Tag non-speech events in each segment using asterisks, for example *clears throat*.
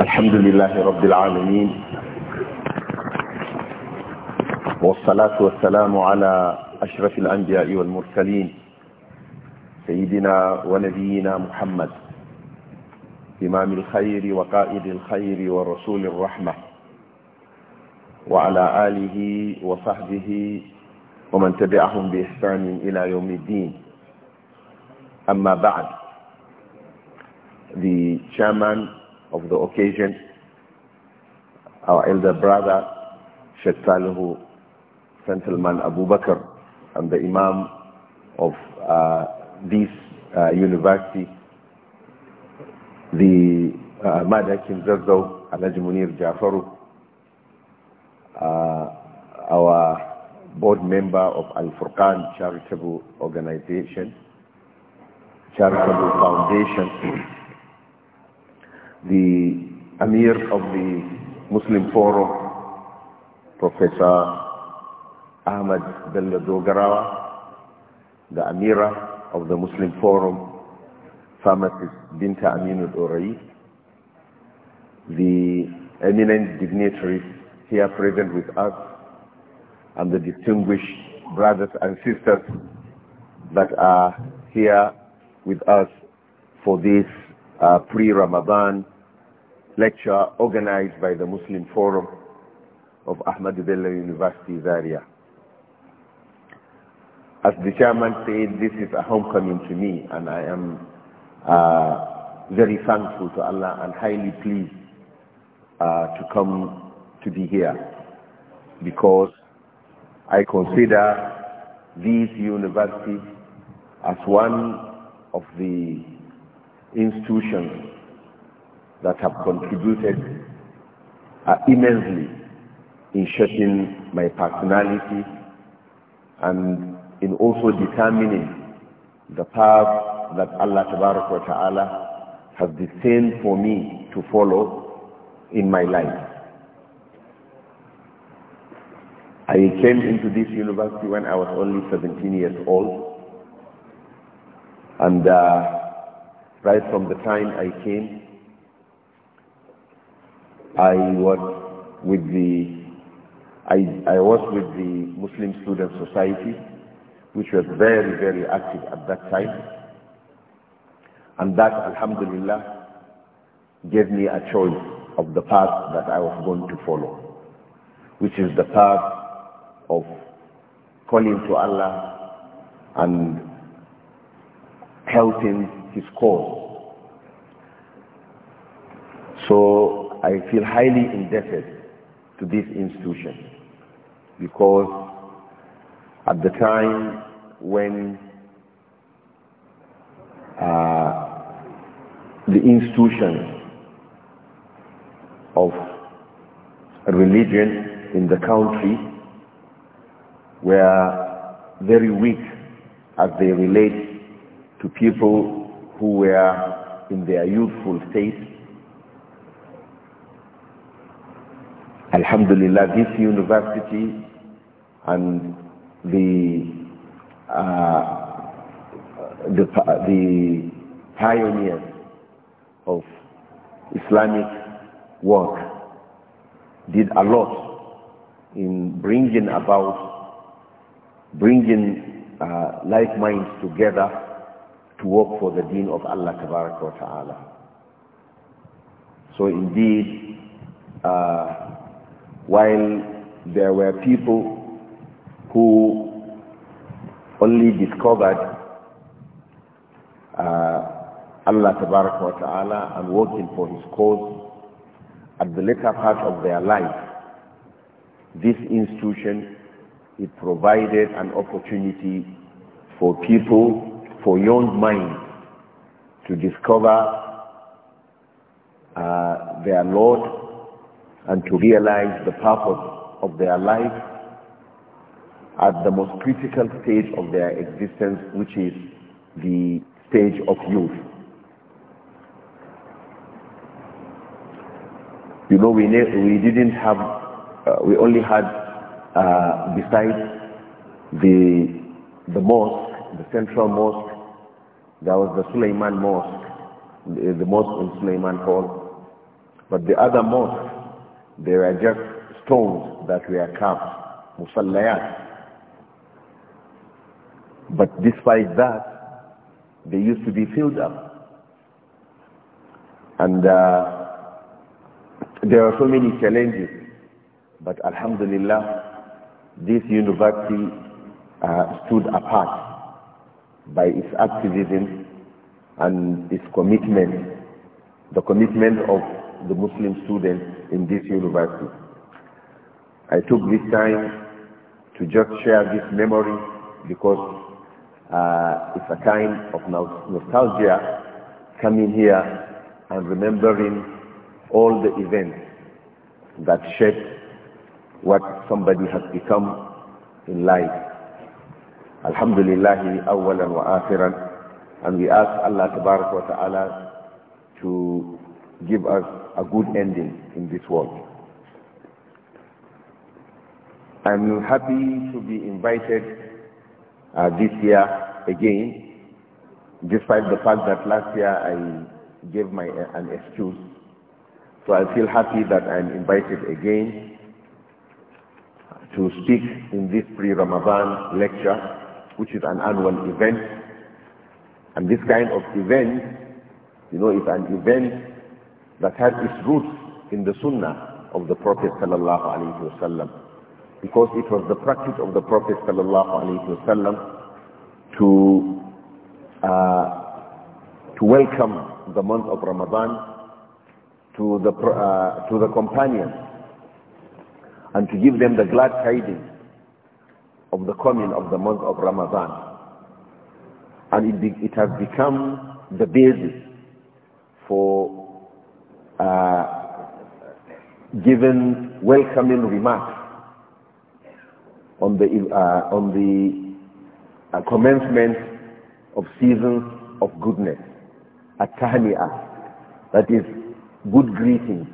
الحمد لله رب العالمين والصلاة والسلام على أشرف الأنبياء والمرسلين سيدنا ونبينا محمد إمام الخير وقائد الخير ورسول الرحمة وعلى آله وصحبه ومن تبعهم بإحسان إلى يوم الدين أما بعد the chairman of the occasion, our elder brother, Sheikh Salihu Gentleman Abu Bakr, and the Imam of uh, this uh, university, the Madad uh, Madakim Zazzau, Alhaji Munir Jafaru, uh, our board member of Al-Furqan Charitable Organization, Charitable Foundation, the Amir of the Muslim Forum, Professor Ahmad Bello the Amira of the Muslim Forum, pharmacist Binta Aminud Orai, the eminent dignitaries here present with us, and the distinguished brothers and sisters that are here with us for this uh, pre-Ramadan lecture organized by the Muslim Forum of Ahmad Bello University, Zaria. As the chairman said, this is a homecoming to me, and I am uh, very thankful to Allah and highly pleased uh, to come to be here because I consider this university as one of the institutions that have contributed uh, immensely in shaping my personality and in also determining the path that Allah Subhanahu wa Ta'ala has destined for me to follow in my life. I came into this university when I was only 17 years old and uh, right from the time I came I was with the I, I was with the Muslim Student Society, which was very, very active at that time. And that, alhamdulillah, gave me a choice of the path that I was going to follow, which is the path of calling to Allah and helping his cause. So I feel highly indebted to this institution because at the time when uh, the institution of religion in the country were very weak as they relate to people who were in their youthful state Alhamdulillah, this university and the uh, the, the pioneers of Islamic work did a lot in bringing about bringing uh, like minds together to work for the deen of Allah Ta'ala. So indeed, uh, while there were people who only discovered uh, Allah wa ta'ala and working for his cause at the later part of their life. This institution, it provided an opportunity for people, for young minds to discover uh, their Lord and to realize the purpose of their life at the most critical stage of their existence, which is the stage of youth. You know, we, we didn't have, uh, we only had, uh, besides the, the mosque, the central mosque, there was the Suleiman mosque, the, the mosque in Suleiman Hall. But the other mosque they were just stones that were carved, musallayat. But despite that, they used to be filled up. And uh, there are so many challenges. But alhamdulillah, this university uh, stood apart by its activism and its commitment, the commitment of the Muslim students in this university. I took this time to just share this memory because uh, it's a kind of nostalgia coming here and remembering all the events that shaped what somebody has become in life. Alhamdulillah, awalan wa akhiran. And we ask Allah wa ta'ala to give us a good ending in this world. I'm happy to be invited uh, this year again, despite the fact that last year I gave my uh, an excuse. So I feel happy that I'm invited again to speak in this pre-Ramadan lecture, which is an annual event. And this kind of event, you know, is an event that has its roots in the sunnah of the Prophet sallallahu because it was the practice of the Prophet sallallahu to uh, to welcome the month of Ramadan to the uh, to the companions and to give them the glad tidings of the coming of the month of Ramadan and it, it has become the basis for uh, given welcoming remarks on the, uh, on the uh, commencement of seasons of goodness, at-tahni'ah, is good greeting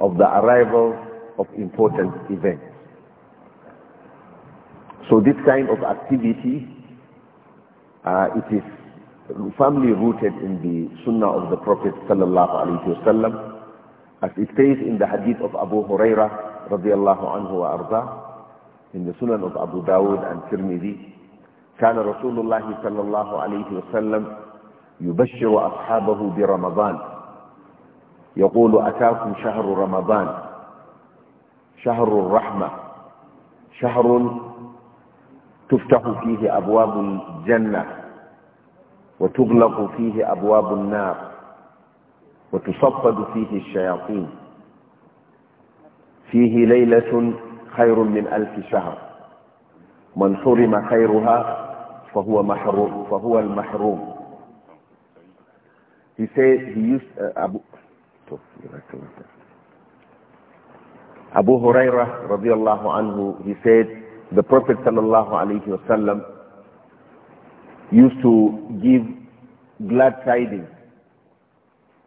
of the arrival of important events. So this kind of activity, uh, it is firmly rooted in the Sunnah of the Prophet sallallahu alaihi wasallam, As it says in the hadith of Abu Huraira radiallahu anhu wa arda, in the Sunan of Abu Dawud and Tirmidhi, كان رسول الله صلى الله عليه وسلم يبشر أصحابه برمضان يقول أتاكم شهر رمضان شهر الرحمة شهر تفتح فيه أبواب الجنة وتغلق فيه أبواب النار وتصفد فيه الشياطين فيه ليلة خير من ألف شهر من حرم خيرها فهو محروم فهو المحروم he said he used uh, Abu Abu Hurairah رضي الله عنه he said the Prophet صلى الله عليه وسلم used to give glad tidings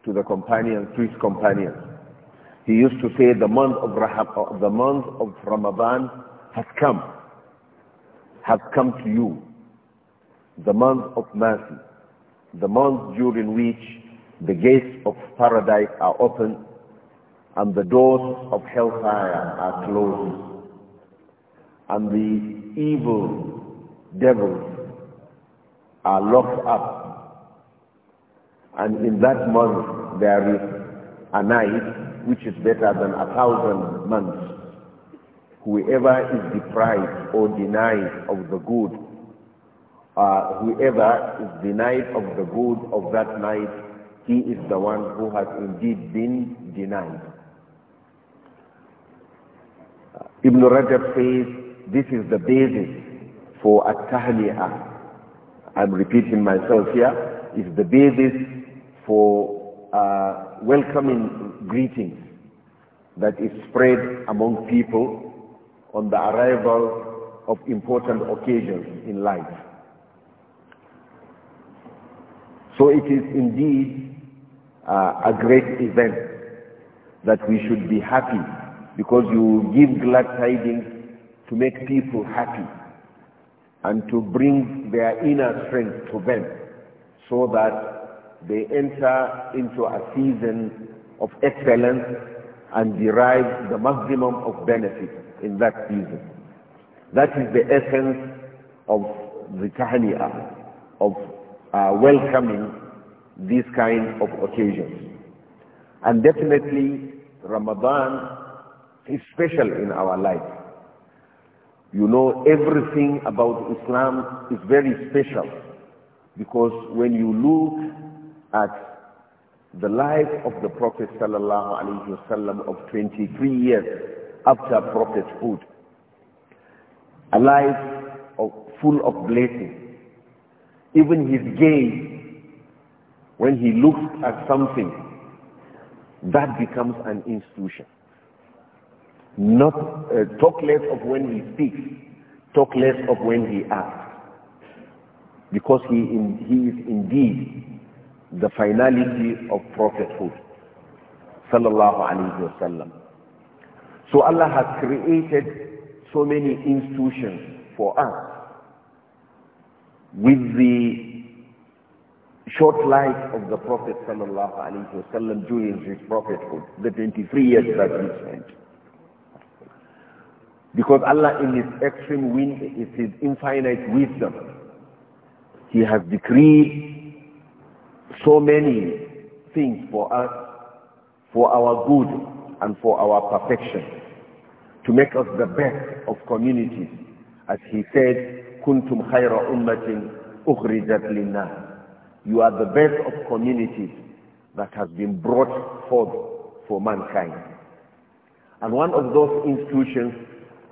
to the companion, to his companions. He used to say the month of, Rahab, the month of Ramadan has come, has come to you, the month of mercy, the month during which the gates of paradise are open and the doors of hellfire are closed and the evil devils are locked up and in that month there is a night which is better than a thousand months. Whoever is deprived or denied of the good, uh, whoever is denied of the good of that night, he is the one who has indeed been denied. Uh, Ibn Rajab says this is the basis for at-tahliyah. I'm repeating myself here. Is the basis for uh, welcoming greetings that is spread among people on the arrival of important occasions in life. So it is indeed uh, a great event that we should be happy because you give glad tidings to make people happy and to bring their inner strength to them so that they enter into a season of excellence and derive the maximum of benefit in that season. That is the essence of the tahni'ah, of uh, welcoming these kind of occasions. And definitely Ramadan is special in our life. You know, everything about Islam is very special because when you look at the life of the Prophet sallallahu of 23 years after prophethood. A life of, full of blessing. Even his gaze, when he looks at something, that becomes an institution. Not uh, talk less of when he speaks, talk less of when he acts. Because he, in, he is indeed the finality of prophethood. Sallallahu alayhi wasallam. So Allah has created so many institutions for us with the short life of the Prophet sallallahu alayhi wasallam during his prophethood, the 23 years that he spent. Because Allah in his extreme win, in his infinite wisdom, he has decreed so many things for us, for our good and for our perfection, to make us the best of communities. As he said, كُنْتُمْ خَيْرَ أُمَّةٍ أُخْرِجَتْ لِلنَّاسِ You are the best of communities that has been brought forth for mankind. And one of those institutions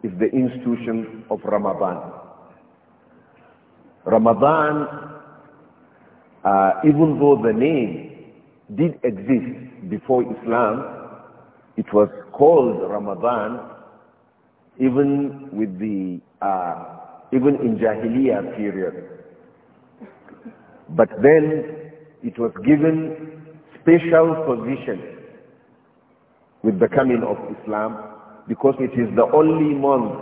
is the institution of Ramadan. Ramadan uh, even though the name did exist before Islam, it was called Ramadan even with the, uh, even in Jahiliyyah period. But then it was given special position with the coming of Islam because it is the only month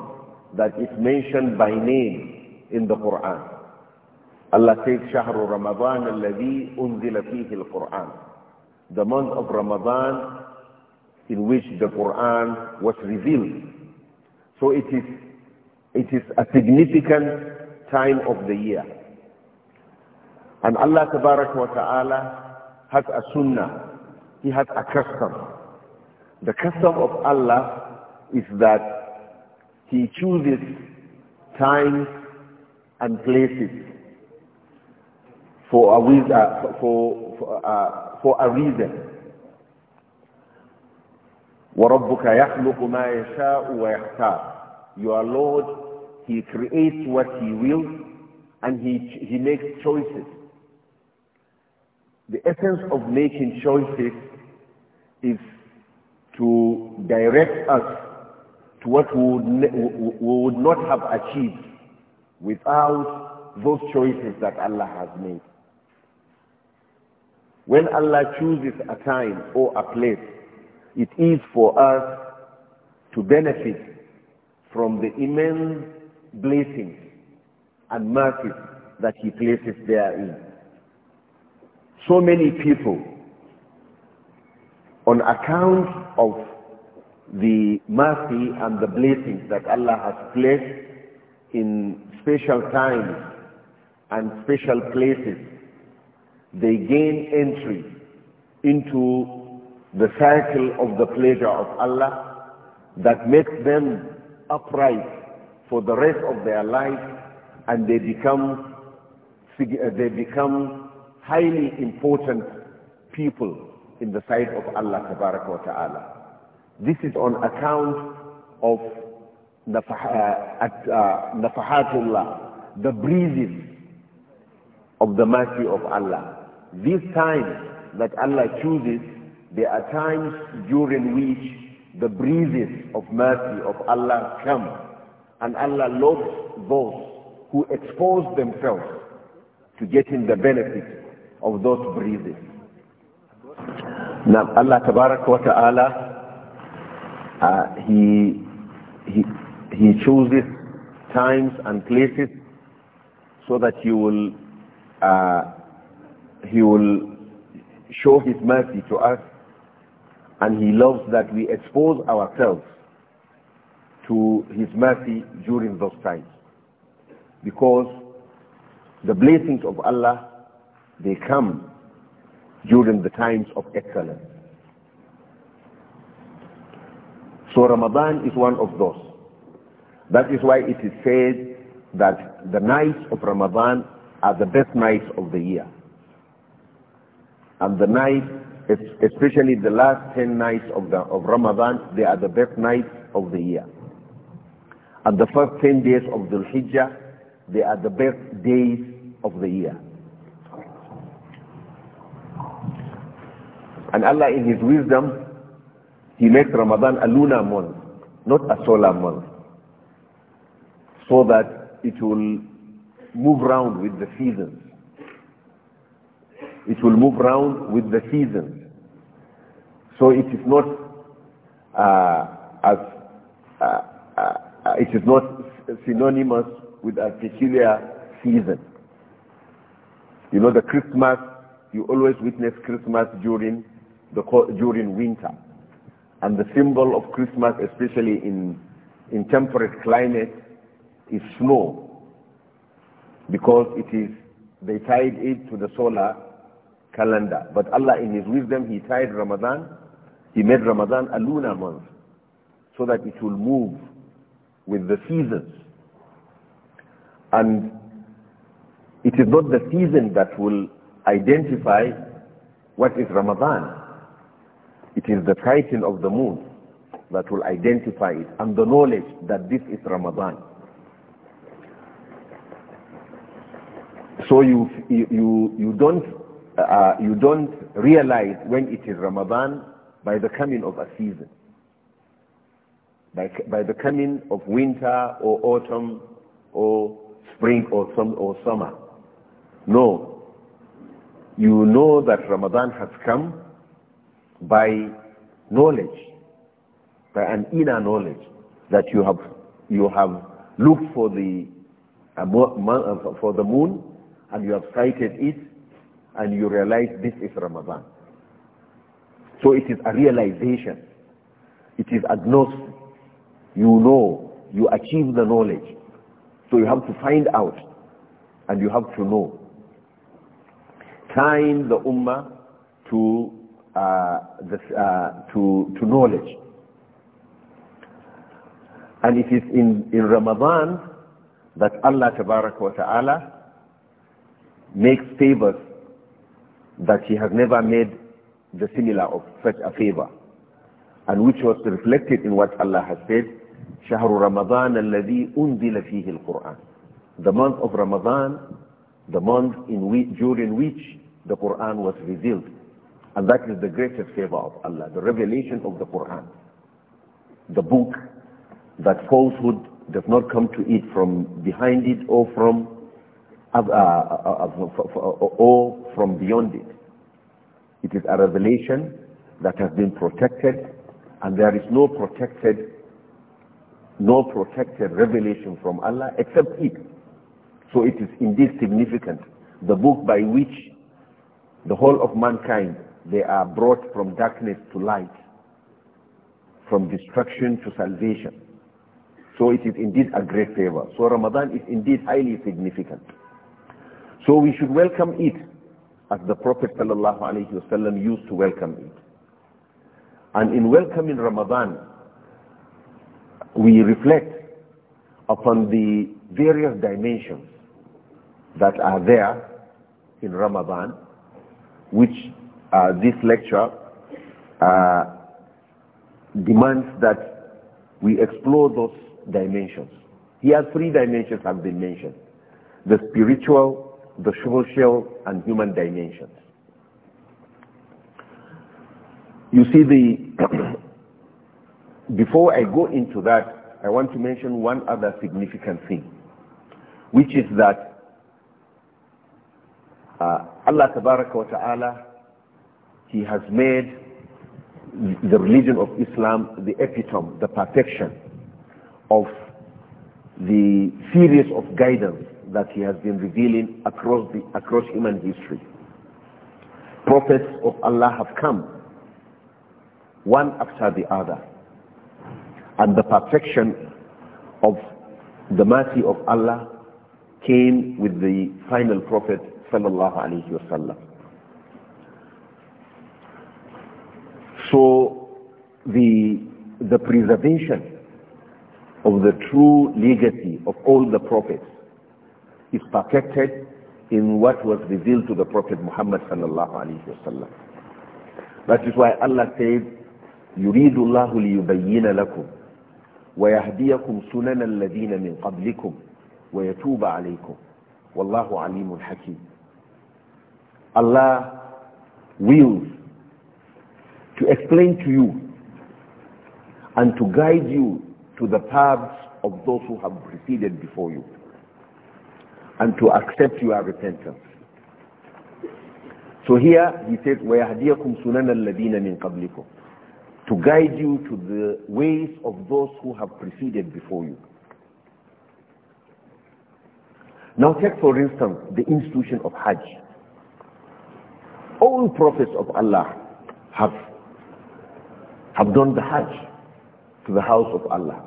that is mentioned by name in the Quran. Allah says, شهر رمضان الذي أنزل فيه القرآن. The month of Ramadan in which the Quran was revealed. So it is, it is a significant time of the year. And Allah Tabarak wa Ta'ala has a sunnah. He has a custom. The custom of Allah is that He chooses times and places for a, reason, uh, for, for, uh, for a reason. وَرَبُّكَ يَخْلُقُ مَا يَشَاءُ وَيَخْتَارُ Your Lord, He creates what He wills and He, he makes choices. The essence of making choices is to direct us to what we would, we would not have achieved without those choices that Allah has made. When Allah chooses a time or a place, it is for us to benefit from the immense blessings and mercies that He places therein. So many people, on account of the mercy and the blessings that Allah has placed in special times and special places they gain entry into the cycle of the pleasure of Allah that makes them upright for the rest of their life and they become, uh, they become highly important people in the sight of Allah wa ta'ala. This is on account of uh, uh, nafahatullah, the breezes of the mercy of Allah. These times that Allah chooses, they are times during which the breezes of mercy of Allah come. And Allah loves those who expose themselves to getting the benefit of those breezes. Now Allah Tabarak wa Ta'ala, uh, he, he, he chooses times and places so that you will uh, he will show his mercy to us and he loves that we expose ourselves to his mercy during those times because the blessings of Allah they come during the times of excellence so Ramadan is one of those that is why it is said that the nights of Ramadan are the best nights of the year and the night, especially the last 10 nights of, the, of Ramadan, they are the best nights of the year. And the first 10 days of Dhul Hijjah, they are the best days of the year. And Allah in His wisdom, He makes Ramadan a lunar month, not a solar month. So that it will move round with the seasons. It will move round with the seasons. So it is not uh, as uh, uh, it is not synonymous with a peculiar season. You know, the Christmas, you always witness Christmas during, the, during winter. And the symbol of Christmas, especially in, in temperate climate, is snow. Because it is, they tied it to the solar calendar. But Allah, in His wisdom, He tied Ramadan, He made Ramadan a lunar month so that it will move with the seasons. And it is not the season that will identify what is Ramadan. It is the sighting of the moon that will identify it and the knowledge that this is Ramadan. So you, you, you don't uh, you don't realize when it is Ramadan by the coming of a season, by, by the coming of winter or autumn or spring or, some, or summer. No. You know that Ramadan has come by knowledge, by an inner knowledge that you have, you have looked for the, uh, uh for the moon and you have sighted it and you realize this is Ramadan. So it is a realization. It is a gnosis. You know, you achieve the knowledge. So you have to find out and you have to know. Find the ummah to, uh, the, uh, to, to knowledge. And it is in, in Ramadan that Allah wa Ta'ala makes favors that he has never made the similar of such a favor and which was reflected in what Allah has said شهر رمضان الذي أنزل فيه القرآن the month of Ramadan the month in which, during which the Quran was revealed and that is the greatest favor of Allah the revelation of the Quran the book that falsehood does not come to it from behind it or from uh, uh, all or from beyond it. It is a revelation that has been protected and there is no protected no protected revelation from Allah except it. So it is indeed significant. The book by which the whole of mankind, they are brought from darkness to light, from destruction to salvation. So it is indeed a great favor. So Ramadan is indeed highly significant. So we should welcome it as the Prophet ﷺ used to welcome it. And in welcoming Ramadan, we reflect upon the various dimensions that are there in Ramadan, which uh, this lecture uh, demands that we explore those dimensions. Here three dimensions have been mentioned. The spiritual, the social and human dimensions. You see the, *clears throat* before I go into that, I want to mention one other significant thing, which is that uh, Allah Tabaraka wa Ta'ala, He has made the religion of Islam the epitome, the perfection of the series of guidance that he has been revealing across, the, across human history. Prophets of Allah have come, one after the other. And the perfection of the mercy of Allah came with the final prophet sallallahu alaihi wasallam. So the, the preservation of the true legacy of all the prophets is perfected in what was revealed to the Prophet Muhammad sallallahu alayhi wa sallam. That is why Allah said, يُرِيدُ اللَّهُ لِيُبَيِّنَ لَكُمْ وَيَهْدِيَكُمْ سُنَنَ الَّذِينَ مِنْ قَبْلِكُمْ وَيَتُوبَ عَلَيْكُمْ وَاللَّهُ عَلِيمٌ حَكِيمٌ Allah wills to explain to you and to guide you to the paths of those who have preceded before you and to accept your repentance. So here he says, وَيَهْدِيَكُمْ سُنَنَ الَّذِينَ مِنْ قَبْلِكُمْ To guide you to the ways of those who have preceded before you. Now take for instance the institution of Hajj. All prophets of Allah have, have done the Hajj to the house of Allah.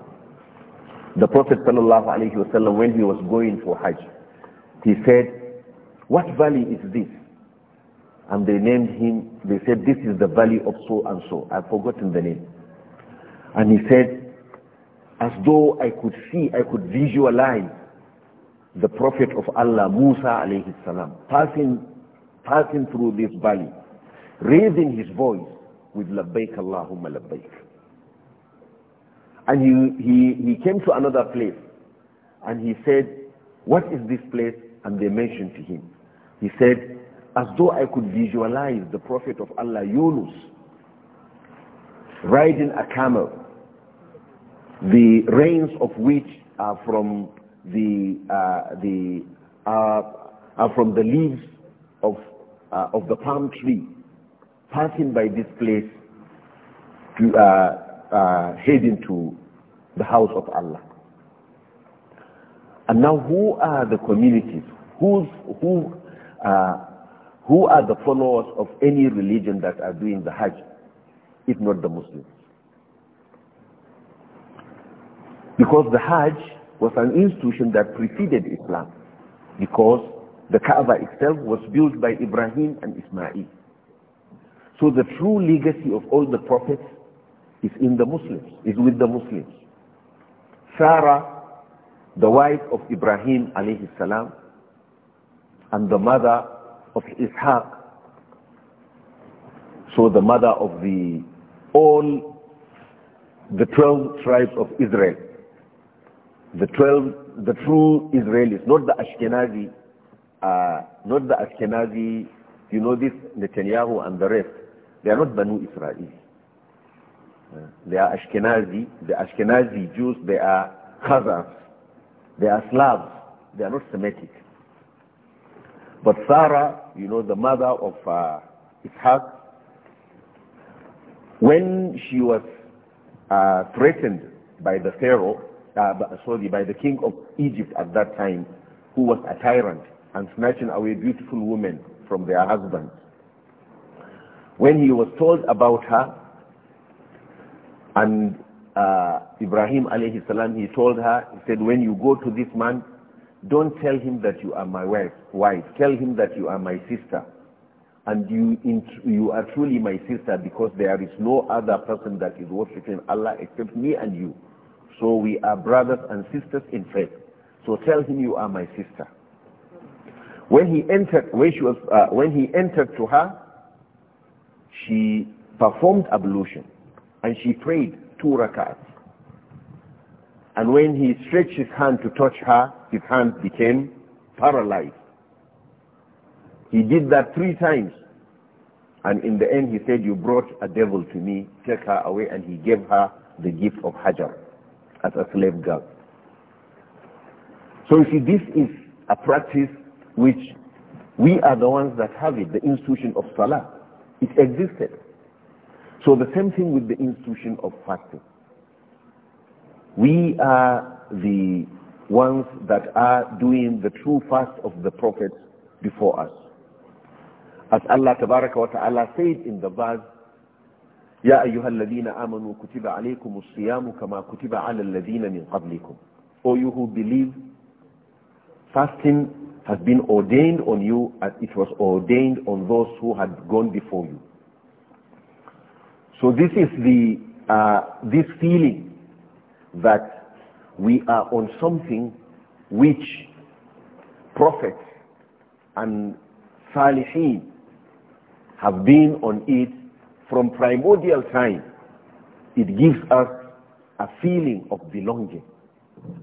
The Prophet ﷺ, when he was going for Hajj, he said, what valley is this? And they named him, they said, this is the valley of so and so. I've forgotten the name. And he said, as though I could see, I could visualize the Prophet of Allah, Musa alayhi salam, passing, passing through this valley, raising his voice with labbaik Allahumma labbaik. And he, he, he came to another place and he said, what is this place? and they mentioned to him. He said, as though I could visualize the Prophet of Allah, Yunus, riding a camel, the reins of which are from the, uh, the, uh, are from the leaves of, uh, of the palm tree, passing by this place to, uh, uh heading to the house of Allah. And now who are the communities who's, who, uh, who are the followers of any religion that are doing the Hajj, if not the Muslims? Because the Hajj was an institution that preceded Islam, because the Kaaba itself was built by Ibrahim and Ismail. So the true legacy of all the prophets is in the Muslims, is with the Muslims. Sarah, the wife of Ibrahim alayhi salam, and the mother of Ishaq. So the mother of the all the 12 tribes of Israel. The 12, the true Israelis, not the Ashkenazi, uh, not the Ashkenazi, you know this, Netanyahu and the rest. They are not Banu Israel. Uh, they are Ashkenazi, the Ashkenazi Jews, they are Khazars, they are Slavs, they are not Semitic. But Sarah, you know, the mother of uh, Ishaq, when she was uh, threatened by the Pharaoh, uh, sorry, by the king of Egypt at that time, who was a tyrant and snatching away beautiful women from their husbands, when he was told about her, and uh, Ibrahim alayhi salam, he told her, he said, when you go to this man, don't tell him that you are my wife. wife. Tell him that you are my sister. And you, you are truly my sister because there is no other person that is worshipping Allah except me and you. So we are brothers and sisters in faith. So tell him you are my sister. When he entered, when she was, uh, when he entered to her, she performed ablution and she prayed two rak'ahs. And when he stretched his hand to touch her, his hand became paralyzed. He did that three times. And in the end, he said, you brought a devil to me, take her away. And he gave her the gift of Hajar as a slave girl. So you see, this is a practice which we are the ones that have it, the institution of Salah. It existed. So the same thing with the institution of fasting. We are the ones that are doing the true fast of the prophets before us. As Allah tabaraka wa ta'ala said in the verse, "Ya أيها الذين amanu كتب عليكم الصيام كما كتب O you who believe, fasting has been ordained on you as it was ordained on those who had gone before you. So this is the, uh, this feeling that we are on something which prophets and salihin have been on it from primordial time. It gives us a feeling of belonging,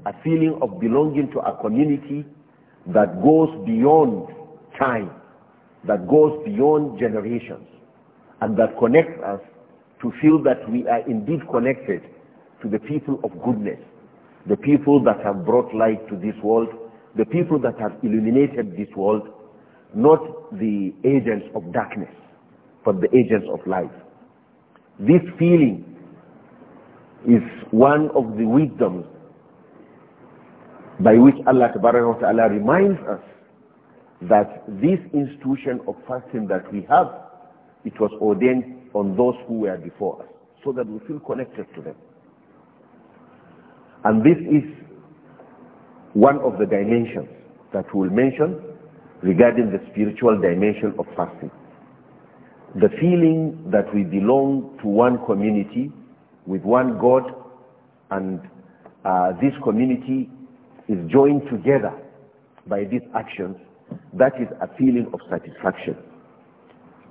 a feeling of belonging to a community that goes beyond time, that goes beyond generations, and that connects us to feel that we are indeed connected to the people of goodness, the people that have brought light to this world, the people that have illuminated this world, not the agents of darkness, but the agents of light. This feeling is one of the wisdoms by which Allah Ta'ala reminds us that this institution of fasting that we have, it was ordained on those who were before us, so that we feel connected to them. And this is one of the dimensions that we'll mention regarding the spiritual dimension of fasting. The feeling that we belong to one community with one God and uh, this community is joined together by these actions, that is a feeling of satisfaction.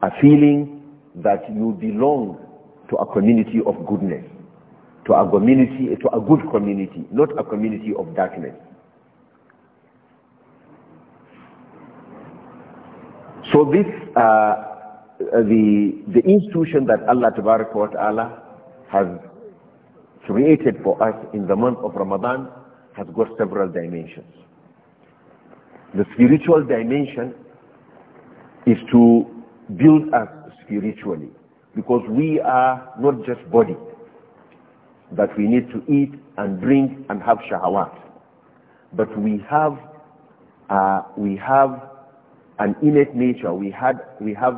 A feeling that you belong to a community of goodness to a community, to a good community, not a community of darkness. So this, uh, uh the, the institution that Allah wa ta'ala has created for us in the month of Ramadan has got several dimensions. The spiritual dimension is to build us spiritually because we are not just body that we need to eat and drink and have shahawat. But we have, uh, we have an innate nature. We, had, we have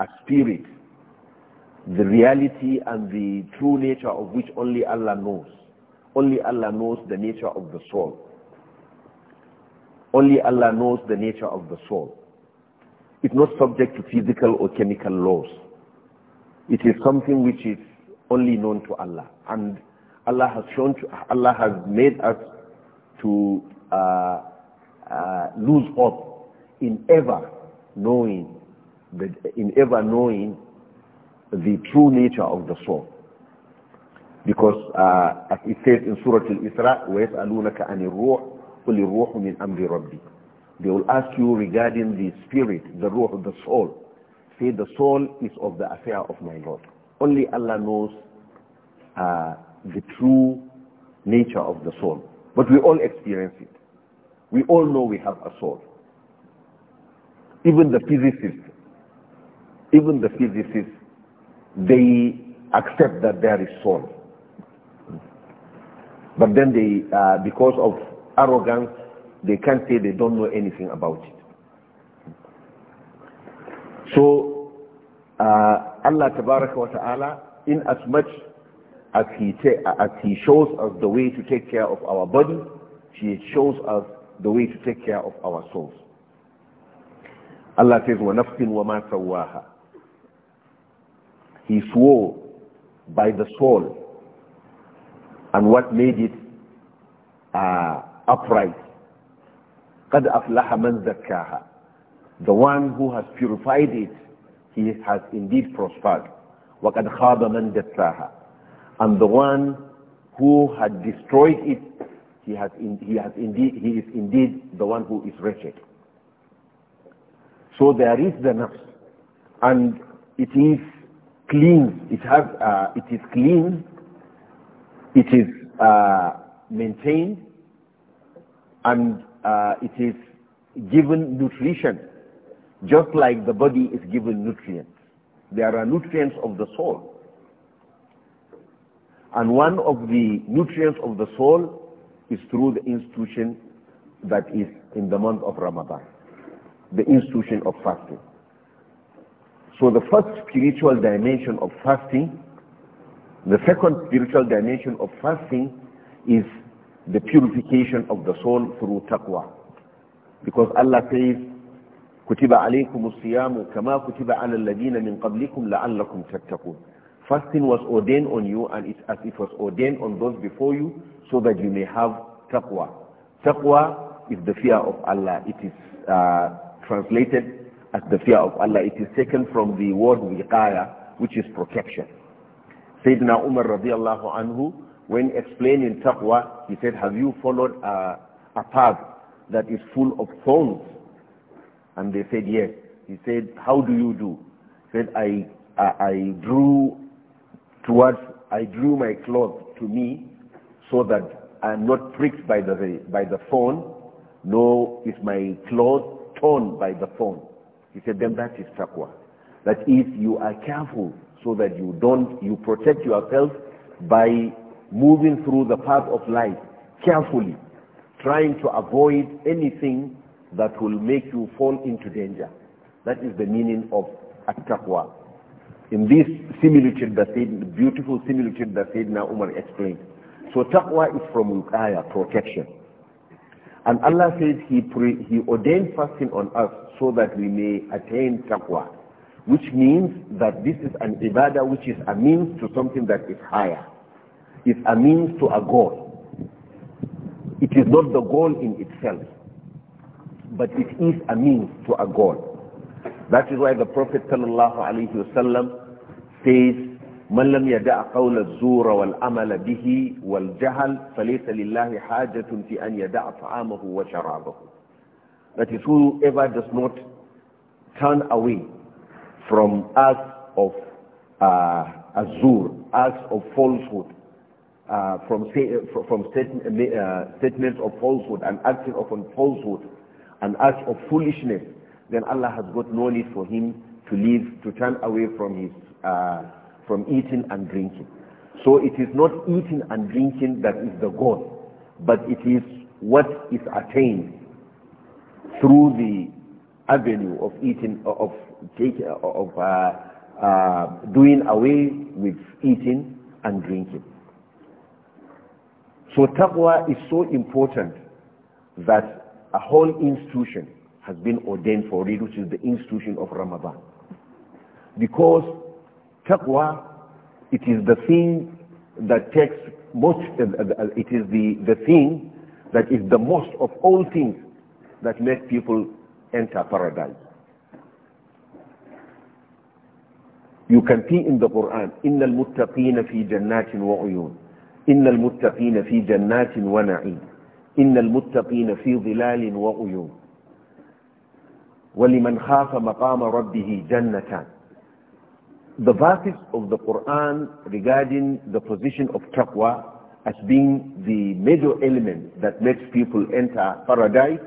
a spirit, the reality and the true nature of which only Allah knows. Only Allah knows the nature of the soul. Only Allah knows the nature of the soul. It's not subject to physical or chemical laws. It is something which is only known to Allah. And Allah has shown to, Allah has made us to uh, uh, lose hope in ever knowing the, in ever knowing the true nature of the soul. Because uh, as it says in Surah Al-Isra, وَيَسْأَلُونَكَ عَنِ الرُّوحِ قُلِ الرُّوحُ مِنْ أَمْرِ رَبِّي They will ask you regarding the spirit, the ruh, the soul. Say the soul is of the affair of my Lord. Only Allah knows uh, the true nature of the soul. But we all experience it. We all know we have a soul. Even the physicists, even the physicists, they accept that there is soul. But then they, uh, because of arrogance, they can't say they don't know anything about it. So, uh, Allah wa Ta'ala, in as much as he, as he shows us the way to take care of our body, He shows us the way to take care of our souls. Allah says, وَنَفْسٍ وَمَا سَوَّاهَا He swore by the soul and what made it uh, upright. قَدْ أَفْلَحَ مَنْ زَكَّاهَا The one who has purified it, he has indeed prospered. وَقَدْ خَابَ مَنْ دَسَّاهَا and the one who had destroyed it, he, has in, he, has indeed, he is indeed the one who is wretched. So there is the nafs, and it is clean. it, has, uh, it is clean. it is uh, maintained, and uh, it is given nutrition, just like the body is given nutrients. There are nutrients of the soul and one of the nutrients of the soul is through the institution that is in the month of Ramadan, the institution of fasting. So the first spiritual dimension of fasting, the second spiritual dimension of fasting is the purification of the soul through taqwa. Because Allah says, كتب عليكم الصيام كما كتب على الذين من قبلكم لعلكم تتقون Fasting was ordained on you and it's as it was ordained on those before you so that you may have taqwa. Taqwa is the fear of Allah. It is uh, translated as the fear of Allah. It is taken from the word wiqaya, which is protection. Sayyidina Umar radiallahu anhu, when explaining taqwa, he said, have you followed a, a path that is full of thorns? And they said, yes. He said, how do you do? He said, I, I, I drew towards I drew my cloth to me so that I am not pricked by the, by the thorn, nor is my cloth torn by the thorn. He said, then that is taqwa. That is, you are careful so that you don't, you protect yourself by moving through the path of life carefully, trying to avoid anything that will make you fall into danger. That is the meaning of at-taqwa in this similitude that Sayyidina, beautiful similitude that Sayyidina Umar explained. So taqwa is from wiqaya, protection. And Allah says he, pre, he ordained fasting on us so that we may attain taqwa, which means that this is an ibadah which is a means to something that is higher. It's a means to a goal. It is not the goal in itself, but it is a means to a goal. That is why the Prophet sallallahu alaihi wasallam says, من لم يدع قول الزور والأمل به والجهل فليس لله حاجة في أن يدع طعامه وشرابه. That is whoever does not turn away from acts of uh, azur, acts of falsehood, uh, from, from statement, uh, statements of falsehood and acting upon falsehood, and acts of foolishness, then Allah has got no need for him to leave, to turn away from his, uh, from eating and drinking. So it is not eating and drinking that is the goal, but it is what is attained through the avenue of eating, of, of uh, uh, doing away with eating and drinking. So taqwa is so important that a whole institution has been ordained for it, which is the institution of Ramadan. Because taqwa, it is the thing that takes most, uh, uh, uh, it is the, the thing that is the most of all things that make people enter paradise. You can see in the Quran, إِنَّ الْمُتَّقِينَ فِي جَنَّاتٍ وَعُيُونٍ إِنَّ الْمُتَّقِينَ فِي جَنَّاتٍ وَنَعِيمٍ إِنَّ الْمُتَّقِينَ فِي ظِلَالٍ وَعُيُونٍ وَلِمَنْ خَافَ مَقَامَ رَبِّهِ جَنَّةً The verses of the Quran regarding the position of taqwa as being the major element that makes people enter paradise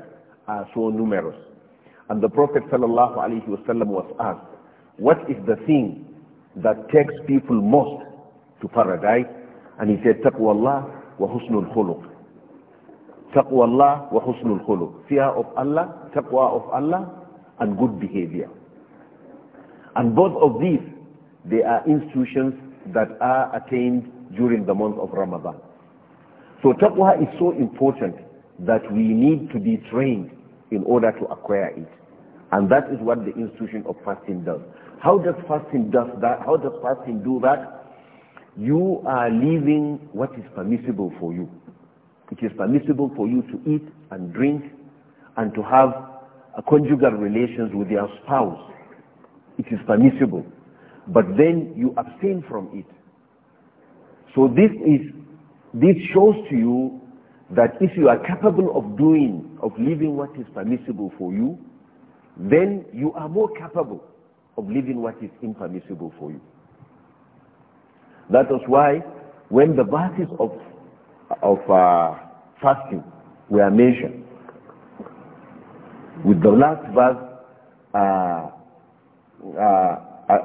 are so numerous. And the Prophet sallallahu alayhi wasallam was asked, what is the thing that takes people most to paradise? And he said, taqwa Allah wa husnul khuluq. Taqwa Allah wa husnul khuluq. Fear of Allah, taqwa of Allah, and good behavior. And both of these, they are institutions that are attained during the month of Ramadan. So taqwa is so important that we need to be trained in order to acquire it. And that is what the institution of fasting does. How does fasting does that? How does fasting do that? You are leaving what is permissible for you. It is permissible for you to eat and drink and to have conjugal relations with your spouse, it is permissible. But then you abstain from it. So this is, this shows to you that if you are capable of doing, of living what is permissible for you, then you are more capable of living what is impermissible for you. That is why when the verses of, of uh, fasting were mentioned, with the last verse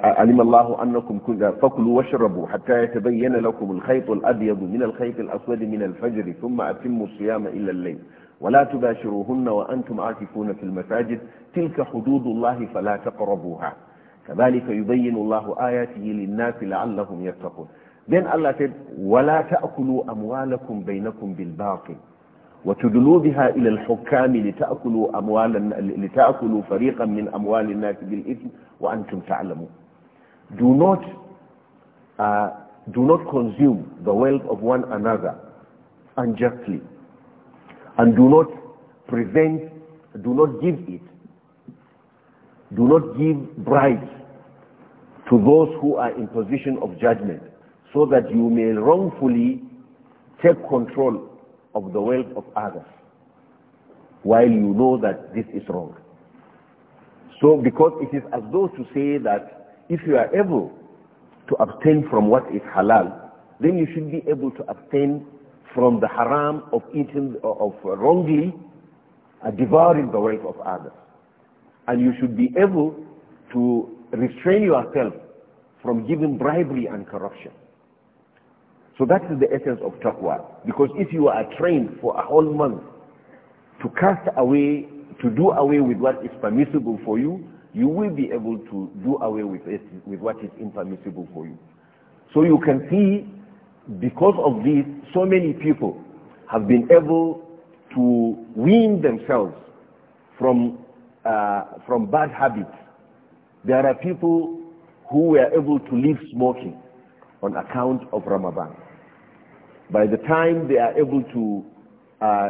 علم الله أنكم فكلوا واشربوا حتى يتبين لكم الخيط الأبيض من الخيط الأسود من الفجر ثم أتموا الصيام إلى الليل ولا تباشروهن وأنتم عاكفون في المساجد تلك حدود الله فلا تقربوها كذلك يبين الله آياته للناس لعلهم يتقون بين الله ولا تأكلوا أموالكم بينكم بالباطل وتدلوا بها إلى الحكام لتأكلوا, أموالا لتأكلوا فريقا من أموال الناس بالإثم وأنتم تعلمون do not, uh, do not consume the wealth of one another unjustly and do not prevent, do not give it, do not give bribes to those who are in position of judgment so that you may wrongfully take control of the wealth of others while you know that this is wrong. So because it is as though to say that if you are able to abstain from what is halal, then you should be able to abstain from the haram of eating, of wrongly uh, devouring the wealth of others. And you should be able to restrain yourself from giving bribery and corruption. So that is the essence of taqwa. Because if you are trained for a whole month to cast away, to do away with what is permissible for you, you will be able to do away with, it, with what is impermissible for you. So you can see, because of this, so many people have been able to wean themselves from, uh, from bad habits. There are people who were able to leave smoking on account of Ramadan. By the time they are able to, uh,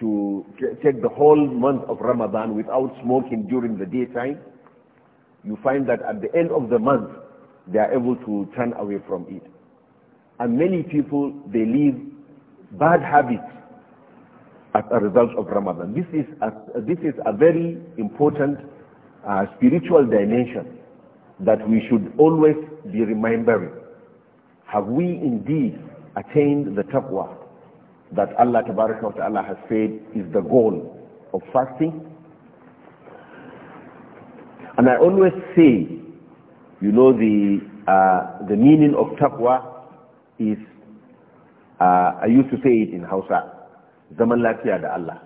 to take the whole month of Ramadan without smoking during the daytime, you find that at the end of the month, they are able to turn away from it. And many people, they leave bad habits as a result of Ramadan. This is a, this is a very important uh, spiritual dimension that we should always be remembering have we indeed attained the taqwa that Allah ta'ala has said is the goal of fasting? And I always say, you know, the, uh, the meaning of taqwa is, uh, I used to say it in Hausa, zaman lafiya da Allah.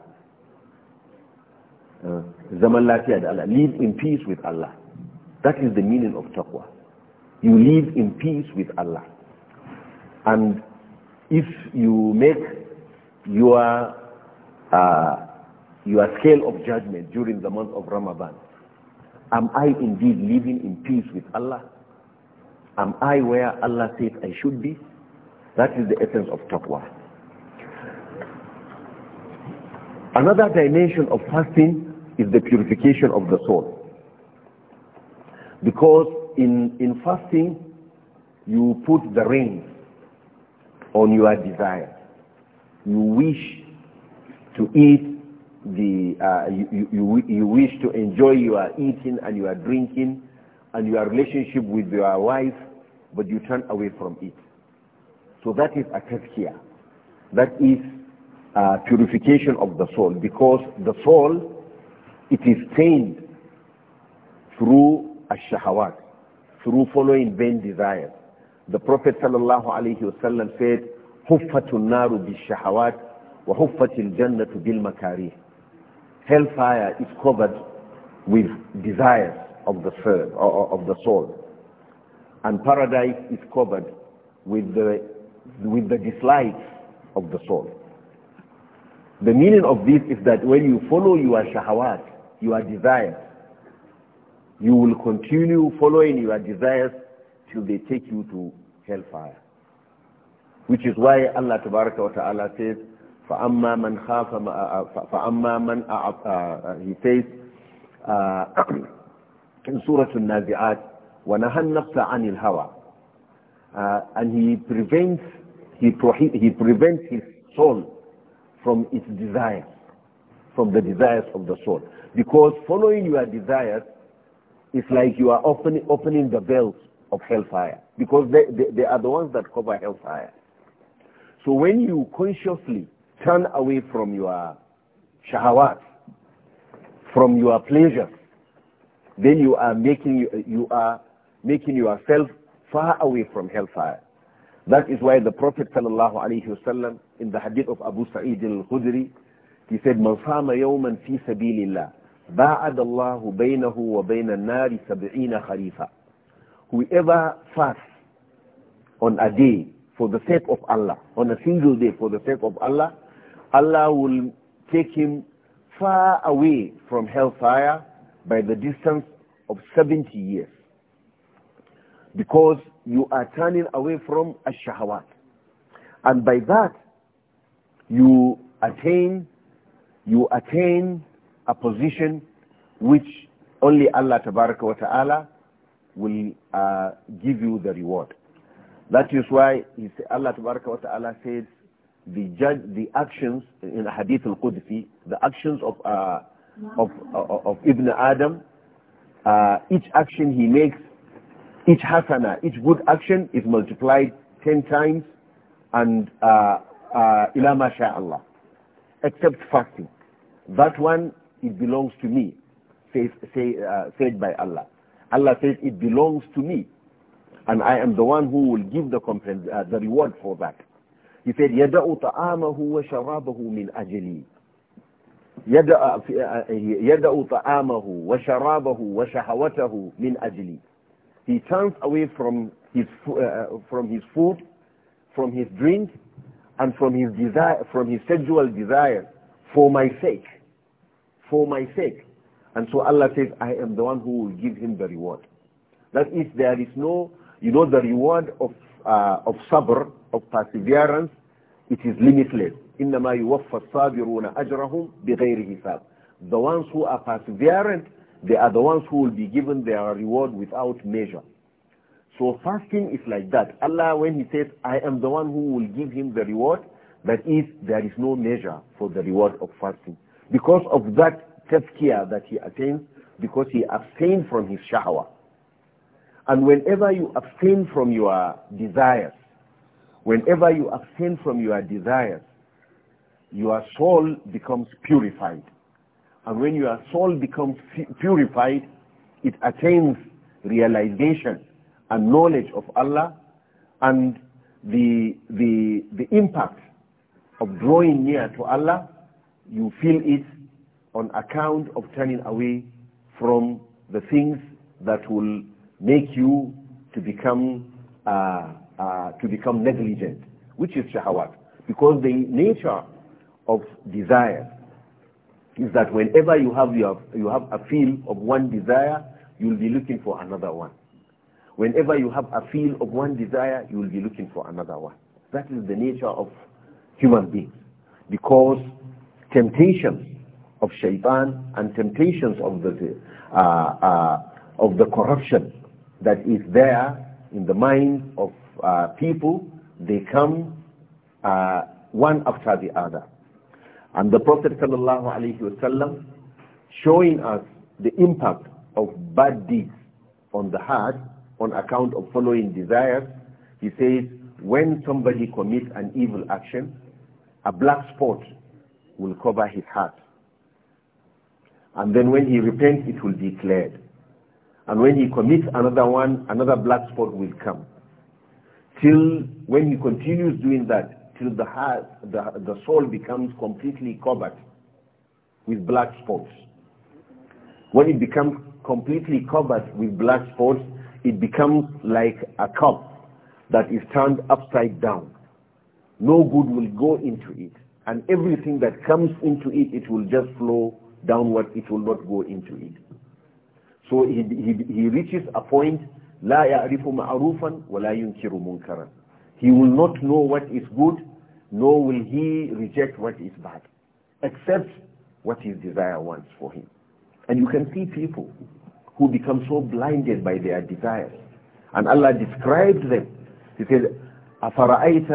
Uh, zaman lafiya da Allah. Live in peace with Allah. That is the meaning of taqwa. You live in peace with Allah. And if you make your, uh, your scale of judgment during the month of Ramadan, am I indeed living in peace with Allah? Am I where Allah says I should be? That is the essence of taqwa. Another dimension of fasting is the purification of the soul. Because in, in fasting, you put the reins on your desire. You wish to eat the, uh, you, you, you wish to enjoy your eating and your drinking and your relationship with your wife, but you turn away from it. So that is a tazkiyah. That is purification of the soul because the soul, it is stained through a shahawat through following vain desires. The Prophet sallallahu said, حُفَّةُ النَّارُ بِالشَّهَوَاتِ وَحُفَّةِ bil-makarih." Hellfire is covered with desires of the, soul, of the soul. And paradise is covered with the, with the dislikes of the soul. The meaning of this is that when you follow your shahawat, your desires, you will continue following your desires till they take you to hellfire which is why Allah tabaraka wa ta'ala says فَأَمَّا مَنْ خَافَ فَأَمَّا he says uh, *clears throat* in Surah Al-Nazi'at وَنَهَا النَّفْسَ عَنِ الْهَوَى uh, and he prevents he, he prevents his soul from its desires from the desires of the soul because following your desires is like you are opening opening the bells of hellfire because they, they, they are the ones that cover hellfire. So when you consciously turn away from your shahawat, from your pleasure, then you are making you are making yourself far away from hellfire. That is why the Prophet sallallahu in the hadith of Abu Sa'id al-Khudri, he said, "Man sama yawman fi sabilillah, ba'ad Allahu baynahu wa bayna an-nar 70 kharifa." whoever fasts on a day for the sake of Allah, on a single day for the sake of Allah, Allah will take him far away from hellfire by the distance of 70 years. Because you are turning away from ash-shahawat. And by that, you attain, you attain a position which only Allah Tabaraka wa Ta'ala will uh, give you the reward. That is why Allah wa ta'ala says the judge, the actions in Hadith al-Qudsi, the actions of, uh, of, uh, of Ibn Adam, uh, each action he makes, each hasana, each good action is multiplied 10 times and uh, uh, ila masha'Allah, except fasting. That one, it belongs to me, says, say, uh, said by Allah. Allah says, it belongs to me. And I am the one who will give the, uh, the reward for that. He said, يَدَعُ طَعَامَهُ وَشَرَابَهُ مِنْ أَجْلِي يَدَعُ طَعَامَهُ وَشَرَابَهُ وَشَهَوَتَهُ مِنْ أَجْلِي He turns away from his, uh, uh, from his food, from his drink, and from his desire, from his sexual desire for my sake. For my sake. And so Allah says, I am the one who will give him the reward. That is, there is no, you know, the reward of, uh, of sabr, of perseverance, it is limitless. إِنَّمَا يُوَفَّ الصَّابِرُونَ أَجْرَهُمْ بِغَيْرِ حِسَابٍ The ones who are perseverant, they are the ones who will be given their reward without measure. So fasting is like that. Allah, when He says, I am the one who will give him the reward, that is, there is no measure for the reward of fasting. Because of that, tazkiyah that he attains because he abstained from his shahwa. And whenever you abstain from your desires, whenever you abstain from your desires, your soul becomes purified. And when your soul becomes purified, it attains realization and knowledge of Allah and the, the, the impact of drawing near to Allah, you feel it on account of turning away from the things that will make you to become uh, uh, to become negligent, which is shahawat, because the nature of desire is that whenever you have your, you have a feel of one desire, you'll be looking for another one. Whenever you have a feel of one desire, you'll be looking for another one. That is the nature of human beings, because temptations of shaitan and temptations of the, uh, uh, of the corruption that is there in the minds of uh, people, they come uh, one after the other. And the Prophet ﷺ showing us the impact of bad deeds on the heart on account of following desires, he says, when somebody commits an evil action, a black spot will cover his heart. And then when he repents, it will be cleared. And when he commits another one, another black spot will come. Till when he continues doing that, till the, heart, the, the soul becomes completely covered with black spots. When it becomes completely covered with black spots, it becomes like a cup that is turned upside down. No good will go into it. And everything that comes into it, it will just flow downward, it will not go into it. So he, he, he reaches a point, لا يعرف معروفا ولا ينكر منكرا. He will not know what is good, nor will he reject what is bad, except what his desire wants for him. And you can see people who become so blinded by their desires. And Allah describes them. He says, أفرأيت,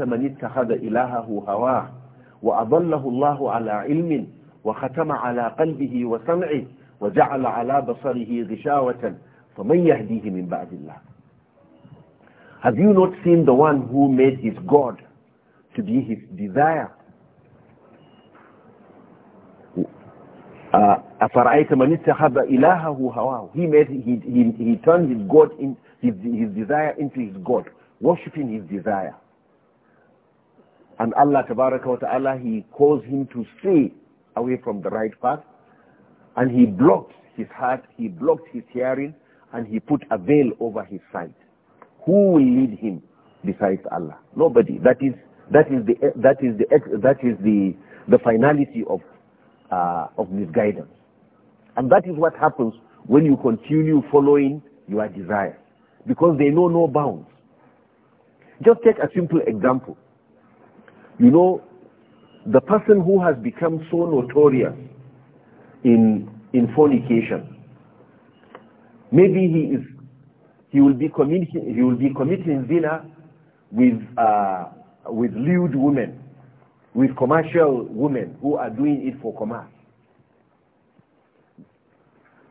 من اتخذ إلهه هواه وأضله الله على علم وختم على قلبه وسمعه وجعل على بصره غشاوة فمن يهديه من بعد الله Have you not seen the one who made his God to be his desire? أفرأيت من اتخذ إلهه هواه he made he, he, he turned his God in his, his desire into his God worshiping his desire and Allah تبارك وتعالى he calls him to say away from the right path. And he blocked his heart, he blocked his hearing, and he put a veil over his sight. Who will lead him besides Allah? Nobody. That is that is the that is the that is the the finality of uh, of misguidance. And that is what happens when you continue following your desires, because they know no bounds. Just take a simple example. You know, the person who has become so notorious in in fornication maybe he is he will be committing he will be committing zina with uh, with lewd women with commercial women who are doing it for commerce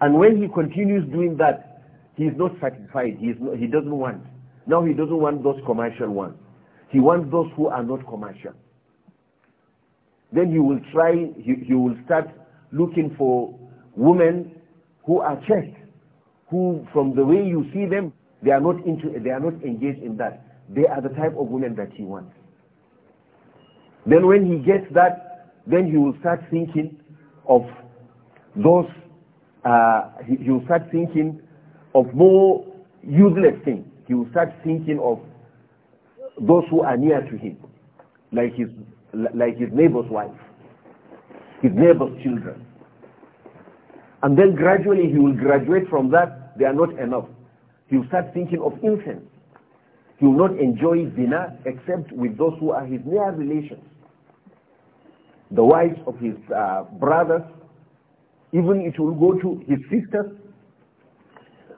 and when he continues doing that he is not satisfied he is not, he doesn't want now he doesn't want those commercial ones he wants those who are not commercial then he will try, he, will start looking for women who are chaste, who from the way you see them, they are not into, they are not engaged in that. They are the type of women that he wants. Then when he gets that, then he will start thinking of those, uh, he, he will start thinking of more useless things. He will start thinking of those who are near to him, like his like his neighbor's wife, his neighbor's children. And then gradually he will graduate from that. They are not enough. He will start thinking of incense. He will not enjoy zina except with those who are his near relations. The wives of his uh, brothers, even it will go to his sisters.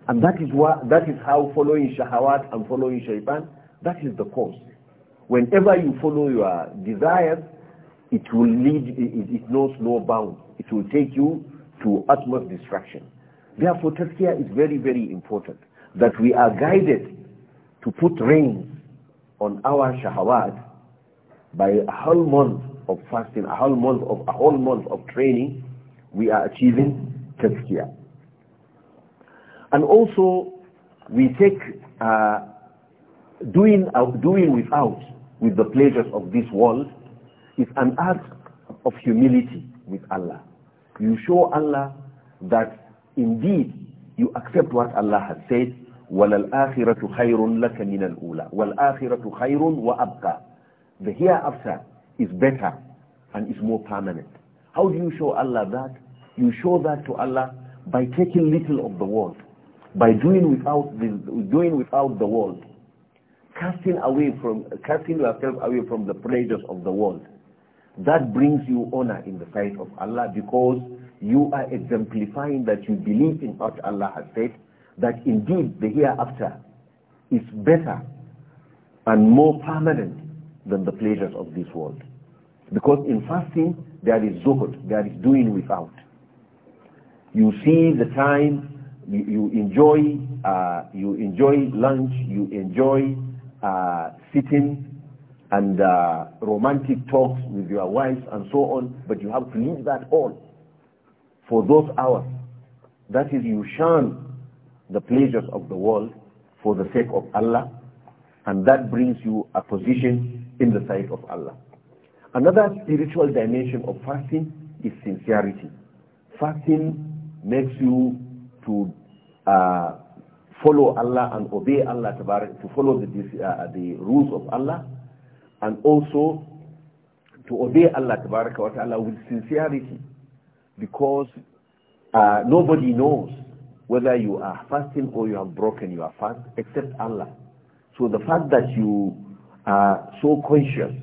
And that is, why, that is how following shahawat and following shaitan, that is the cause. Whenever you follow your desires, it will lead, it, it knows no bounds. It will take you to utmost destruction. Therefore, tazkiyah is very, very important. That we are guided to put reins on our shahawat by a whole month of fasting, a whole month of, a whole month of training, we are achieving tazkiyah. And also, we take uh, doing, uh, doing without with the pleasures of this world is an act of humility with Allah. You show Allah that indeed you accept what Allah has said, وَلَلْآخِرَةُ خَيْرٌ لَكَ مِنَ الْأُولَى وَالْآخِرَةُ خَيْرٌ وَأَبْقَى The hereafter is better and is more permanent. How do you show Allah that? You show that to Allah by taking little of the world, by doing without the, doing without the world, casting away from casting yourself away from the pleasures of the world that brings you honor in the sight of Allah because you are exemplifying that you believe in what Allah has said that indeed the hereafter is better and more permanent than the pleasures of this world because in fasting there is zuhud there is doing without you see the time you, you enjoy uh, you enjoy lunch you enjoy uh, sitting and uh, romantic talks with your wives and so on, but you have to leave that all for those hours. That is, you shun the pleasures of the world for the sake of Allah, and that brings you a position in the sight of Allah. Another spiritual dimension of fasting is sincerity. Fasting makes you to uh, follow Allah and obey Allah to follow the, uh, the rules of Allah and also to obey Allah tabaraka wa ta'ala with sincerity because uh, nobody knows whether you are fasting or you have broken your fast except Allah. So the fact that you are so conscious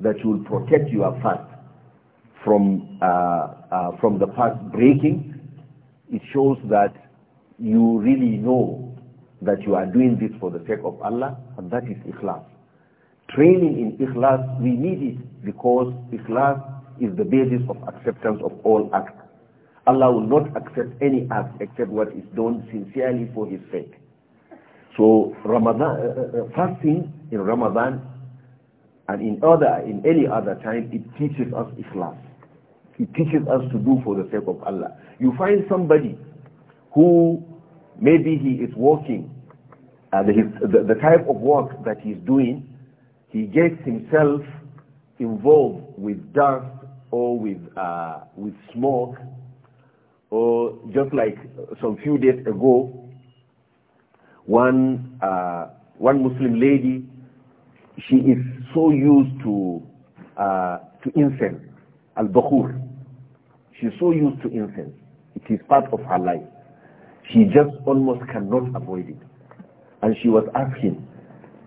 that you will protect your fast from, uh, uh, from the fast breaking, it shows that you really know that you are doing this for the sake of Allah, and that is ikhlas. Training in ikhlas, we need it because ikhlas is the basis of acceptance of all acts. Allah will not accept any act except what is done sincerely for His sake. So Ramadan, uh, uh, uh fasting in Ramadan and in other, in any other time, it teaches us ikhlas. It teaches us to do for the sake of Allah. You find somebody who Maybe he is working, and uh, the, the, the type of work that he's doing, he gets himself involved with dust or with, uh, with smoke, or just like some few days ago, one, uh, one Muslim lady, she is so used to, uh, to incense, al-bakhur. She's so used to incense. It is part of her life. She just almost cannot avoid it. And she was asking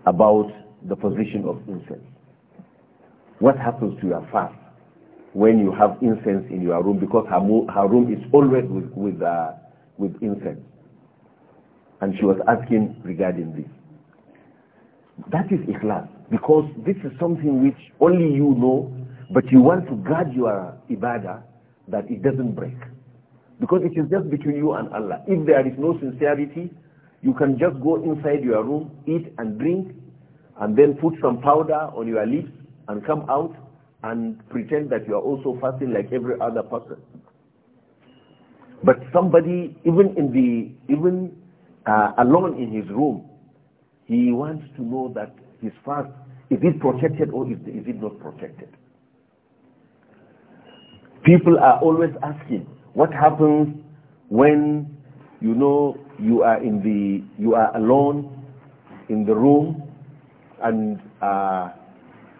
about the position of incense. What happens to your fast when you have incense in your room? Because her, her room is always with, with, uh, with incense. And she was asking regarding this. That is ikhlas. Because this is something which only you know, but you want to guard your ibadah that it doesn't break. Because it is just between you and Allah. If there is no sincerity, you can just go inside your room, eat and drink, and then put some powder on your lips and come out and pretend that you are also fasting like every other person. But somebody, even in the, even uh, alone in his room, he wants to know that his fast, is it protected or is, is it not protected? People are always asking, what happens when you know you are in the you are alone in the room and uh,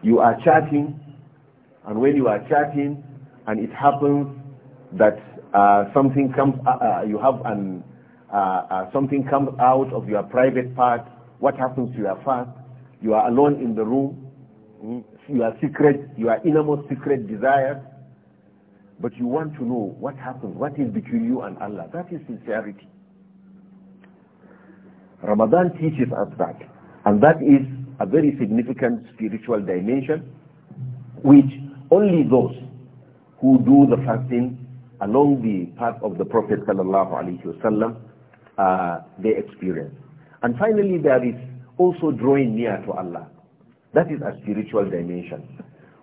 you are chatting and when you are chatting and it happens that uh, something comes uh, uh you have an uh, uh, something comes out of your private part what happens to your fast you are alone in the room mm, your secret your innermost secret desire but you want to know what happens, what is between you and Allah. That is sincerity. Ramadan teaches us that. And that is a very significant spiritual dimension, which only those who do the fasting along the path of the Prophet sallallahu alaihi wasallam, uh, they experience. And finally, there is also drawing near to Allah. That is a spiritual dimension.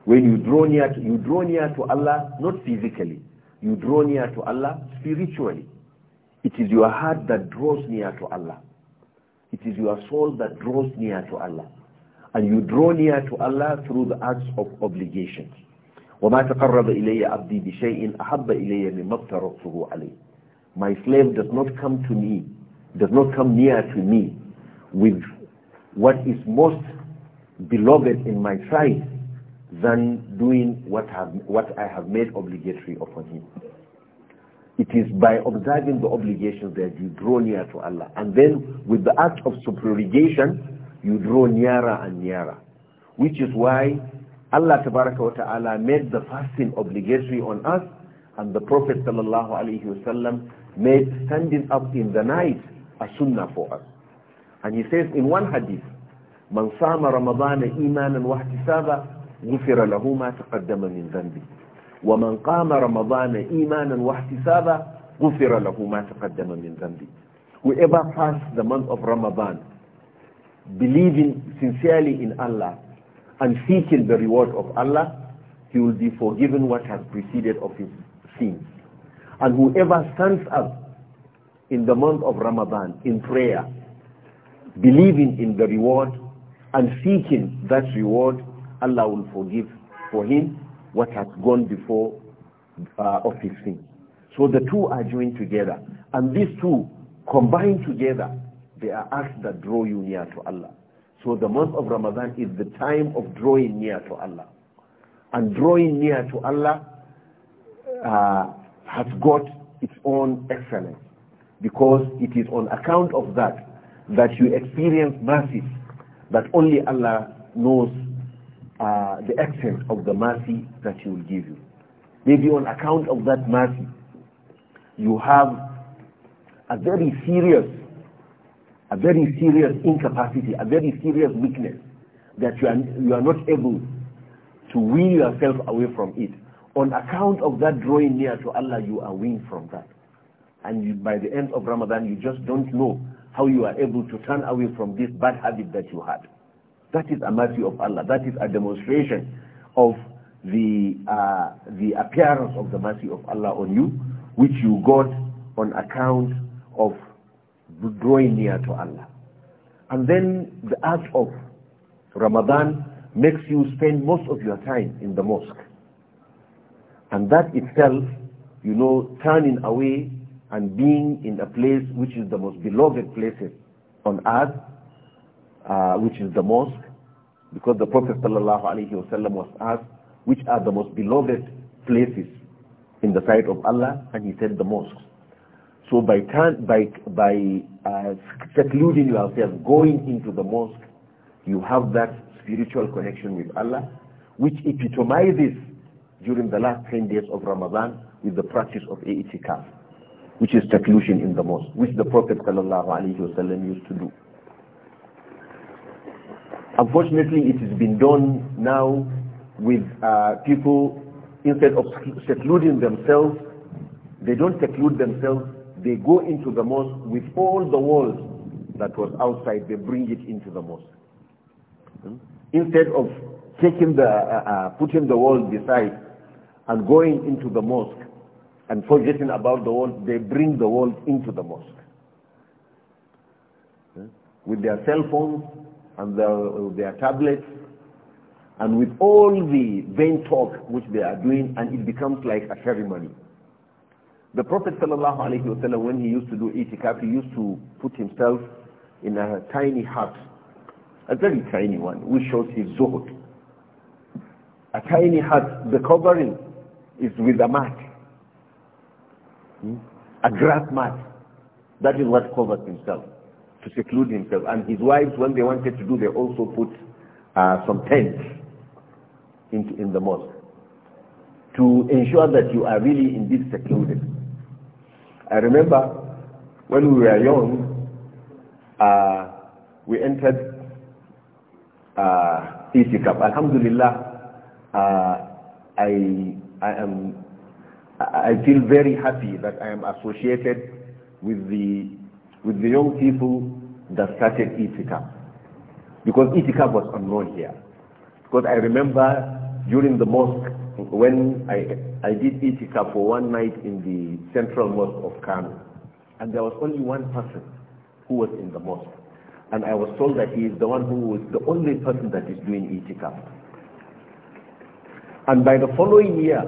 When you draw near to, you draw near to Allah, not physically. You draw near to Allah spiritually. It is your heart that draws near to Allah. It is your soul that draws near to Allah. And you draw near to Allah through the acts of obligations. وما تقرب إلي عبدي بشيء أحب إلي مما افترضته عليه my slave does not come to me does not come near to me with what is most beloved in my sight than doing what, have, what I have made obligatory upon him. It is by observing the obligations that you draw near to Allah. And then with the act of supererogation, you draw nearer and nearer. Which is why Allah Ta'ala made the fasting obligatory on us and the Prophet Sallallahu Alaihi Wasallam made standing up in the night a sunnah for us. And he says in one hadith, من صام رمضان إيمانا واحتسابا غفر له ما تقدم من ذنبه ومن قام رمضان إيمانا واحتسابا غفر له ما تقدم من ذنبه whoever passes the month of Ramadan believing sincerely in Allah and seeking the reward of Allah he will be forgiven what has preceded of his sins and whoever stands up in the month of Ramadan in prayer believing in the reward and seeking that reward Allah will forgive for him what has gone before uh, of his sin. So the two are joined together. And these two combined together, they are acts that draw you near to Allah. So the month of Ramadan is the time of drawing near to Allah. And drawing near to Allah uh, has got its own excellence because it is on account of that that you experience mercies that only Allah knows uh, the extent of the mercy that he will give you. Maybe on account of that mercy, you have a very serious, a very serious incapacity, a very serious weakness that you are, you are not able to wean yourself away from it. On account of that drawing near to Allah, you are weaned from that. And you, by the end of Ramadan, you just don't know how you are able to turn away from this bad habit that you had. That is a mercy of Allah. That is a demonstration of the, uh, the appearance of the mercy of Allah on you, which you got on account of drawing near to Allah. And then the act of Ramadan makes you spend most of your time in the mosque. And that itself, you know, turning away and being in a place which is the most beloved place on earth uh, which is the mosque, because the Prophet ﷺ was asked, which are the most beloved places in the sight of Allah, and he said the mosque. So by, by, by uh, secluding yourself, going into the mosque, you have that spiritual connection with Allah, which epitomizes during the last 10 days of Ramadan with the practice of itikaf, which is seclusion in the mosque, which the Prophet ﷺ used to do. Unfortunately, it has been done now with uh, people, instead of secluding themselves, they don't seclude themselves, they go into the mosque with all the walls that was outside, they bring it into the mosque. Hmm? Instead of taking the, uh, uh, putting the world beside and going into the mosque and forgetting about the world, they bring the world into the mosque. Hmm? With their cell phones, and their, their tablets and with all the vain talk which they are doing and it becomes like a ceremony. The Prophet ﷺ when he used to do itikaf, he used to put himself in a tiny hut, a very tiny one, which shows his zuhud. A tiny hut, the covering is with a mat, hmm? a grass mat. That is what covers himself to seclude himself. And his wives, when they wanted to do, they also put uh, some tents into, in the mosque to ensure that you are really indeed secluded. I remember when we were young, uh, we entered uh, Itikaf. Alhamdulillah, uh, I, I, am, I feel very happy that I am associated with the with the young people that started Itikaf. Because Itikaf was unknown here. Because I remember during the mosque, when I, I did Itikaf for one night in the central mosque of Kano, and there was only one person who was in the mosque. And I was told that he is the one who is the only person that is doing Itikaf. And by the following year,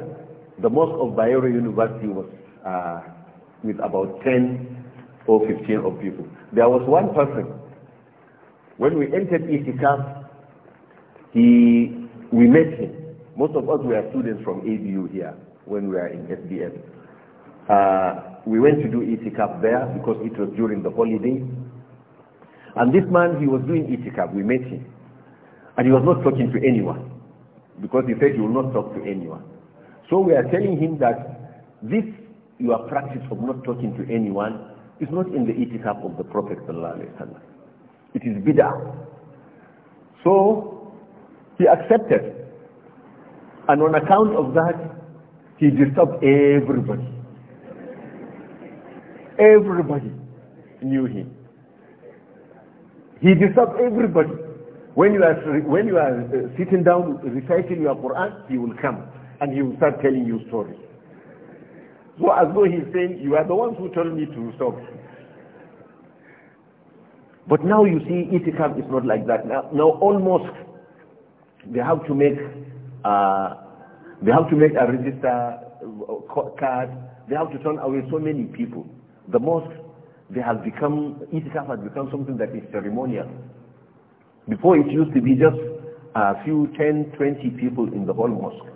the mosque of Bayero University was uh, with about 10 or 15 of people. There was one person, when we entered Itikaf, he, we met him. Most of us were students from ABU here when we were in SBM. Uh, we went to do Itikaf there because it was during the holiday. And this man, he was doing Itikaf. We met him. And he was not talking to anyone because he said he will not talk to anyone. So we are telling him that this your practice of not talking to anyone it's not in the itikaf of the Prophet It is bid'ah. So he accepted. And on account of that, he disturbed everybody. Everybody knew him. He disturbed everybody. When you are, when you are sitting down reciting your Quran, he will come and he will start telling you stories. So as though he's saying, you are the ones who told me to stop. But now you see, itikaf is not like that. Now, now almost they have to make uh, they have to make a register uh, card. They have to turn away so many people. The mosque they have become itikaf has become something that is ceremonial. Before it used to be just a few 10, 20 people in the whole mosque.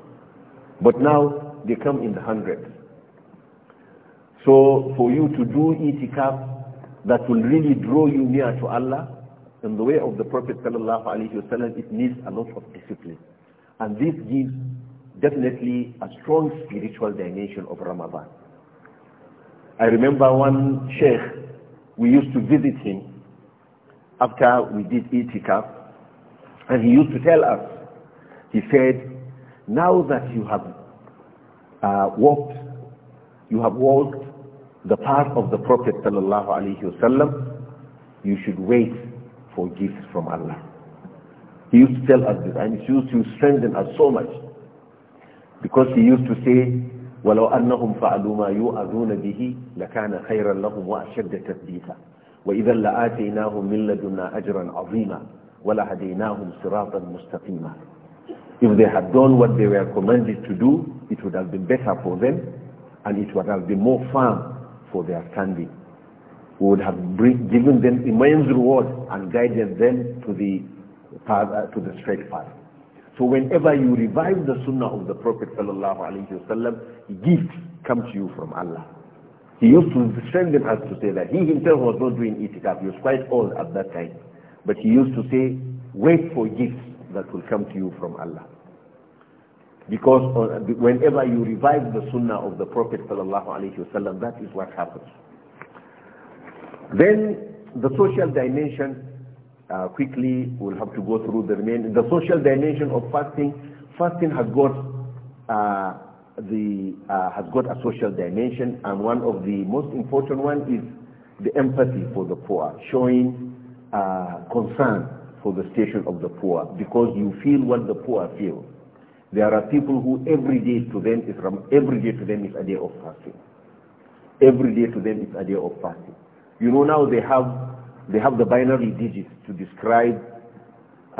But now they come in the hundreds. So for you to do itikaf that will really draw you near to Allah, in the way of the Prophet sallallahu it needs a lot of discipline. And this gives definitely a strong spiritual dimension of Ramadan. I remember one sheikh, we used to visit him after we did itikaf, and he used to tell us, he said, now that you have uh, walked, you have walked the path of the Prophet sallallahu alaihi wasallam, you should wait for gifts from Allah. He used to tell us this, and it used to strengthen us so much, because he used to say, ولو أنهم فعلوا ما يؤذون به لكان خيرا لهم وأشد تثبيتا وإذا لآتيناهم من لدنا أجرا عظيما ولهديناهم صراطا مستقيما If they had done what they were commanded to do, it would have been better for them and it would have been more firm for their standing. We would have bring, given them immense reward and guided them to the, path, uh, to the straight path. So whenever you revive the sunnah of the Prophet sallallahu alaihi wasallam, gifts come to you from Allah. He used to strengthen us to say that he himself was not doing itikaf. He was quite old at that time. But he used to say, wait for gifts that will come to you from Allah. Because uh, whenever you revive the sunnah of the Prophet wasallam, that is what happens. Then the social dimension, uh, quickly we'll have to go through the remaining. The social dimension of fasting, fasting has got uh, the uh, has got a social dimension, and one of the most important one is the empathy for the poor, showing uh, concern for the station of the poor, because you feel what the poor feel. There are people who every day to them is every day to them is a day of fasting. Every day to them is a day of fasting. You know now they have they have the binary digits to describe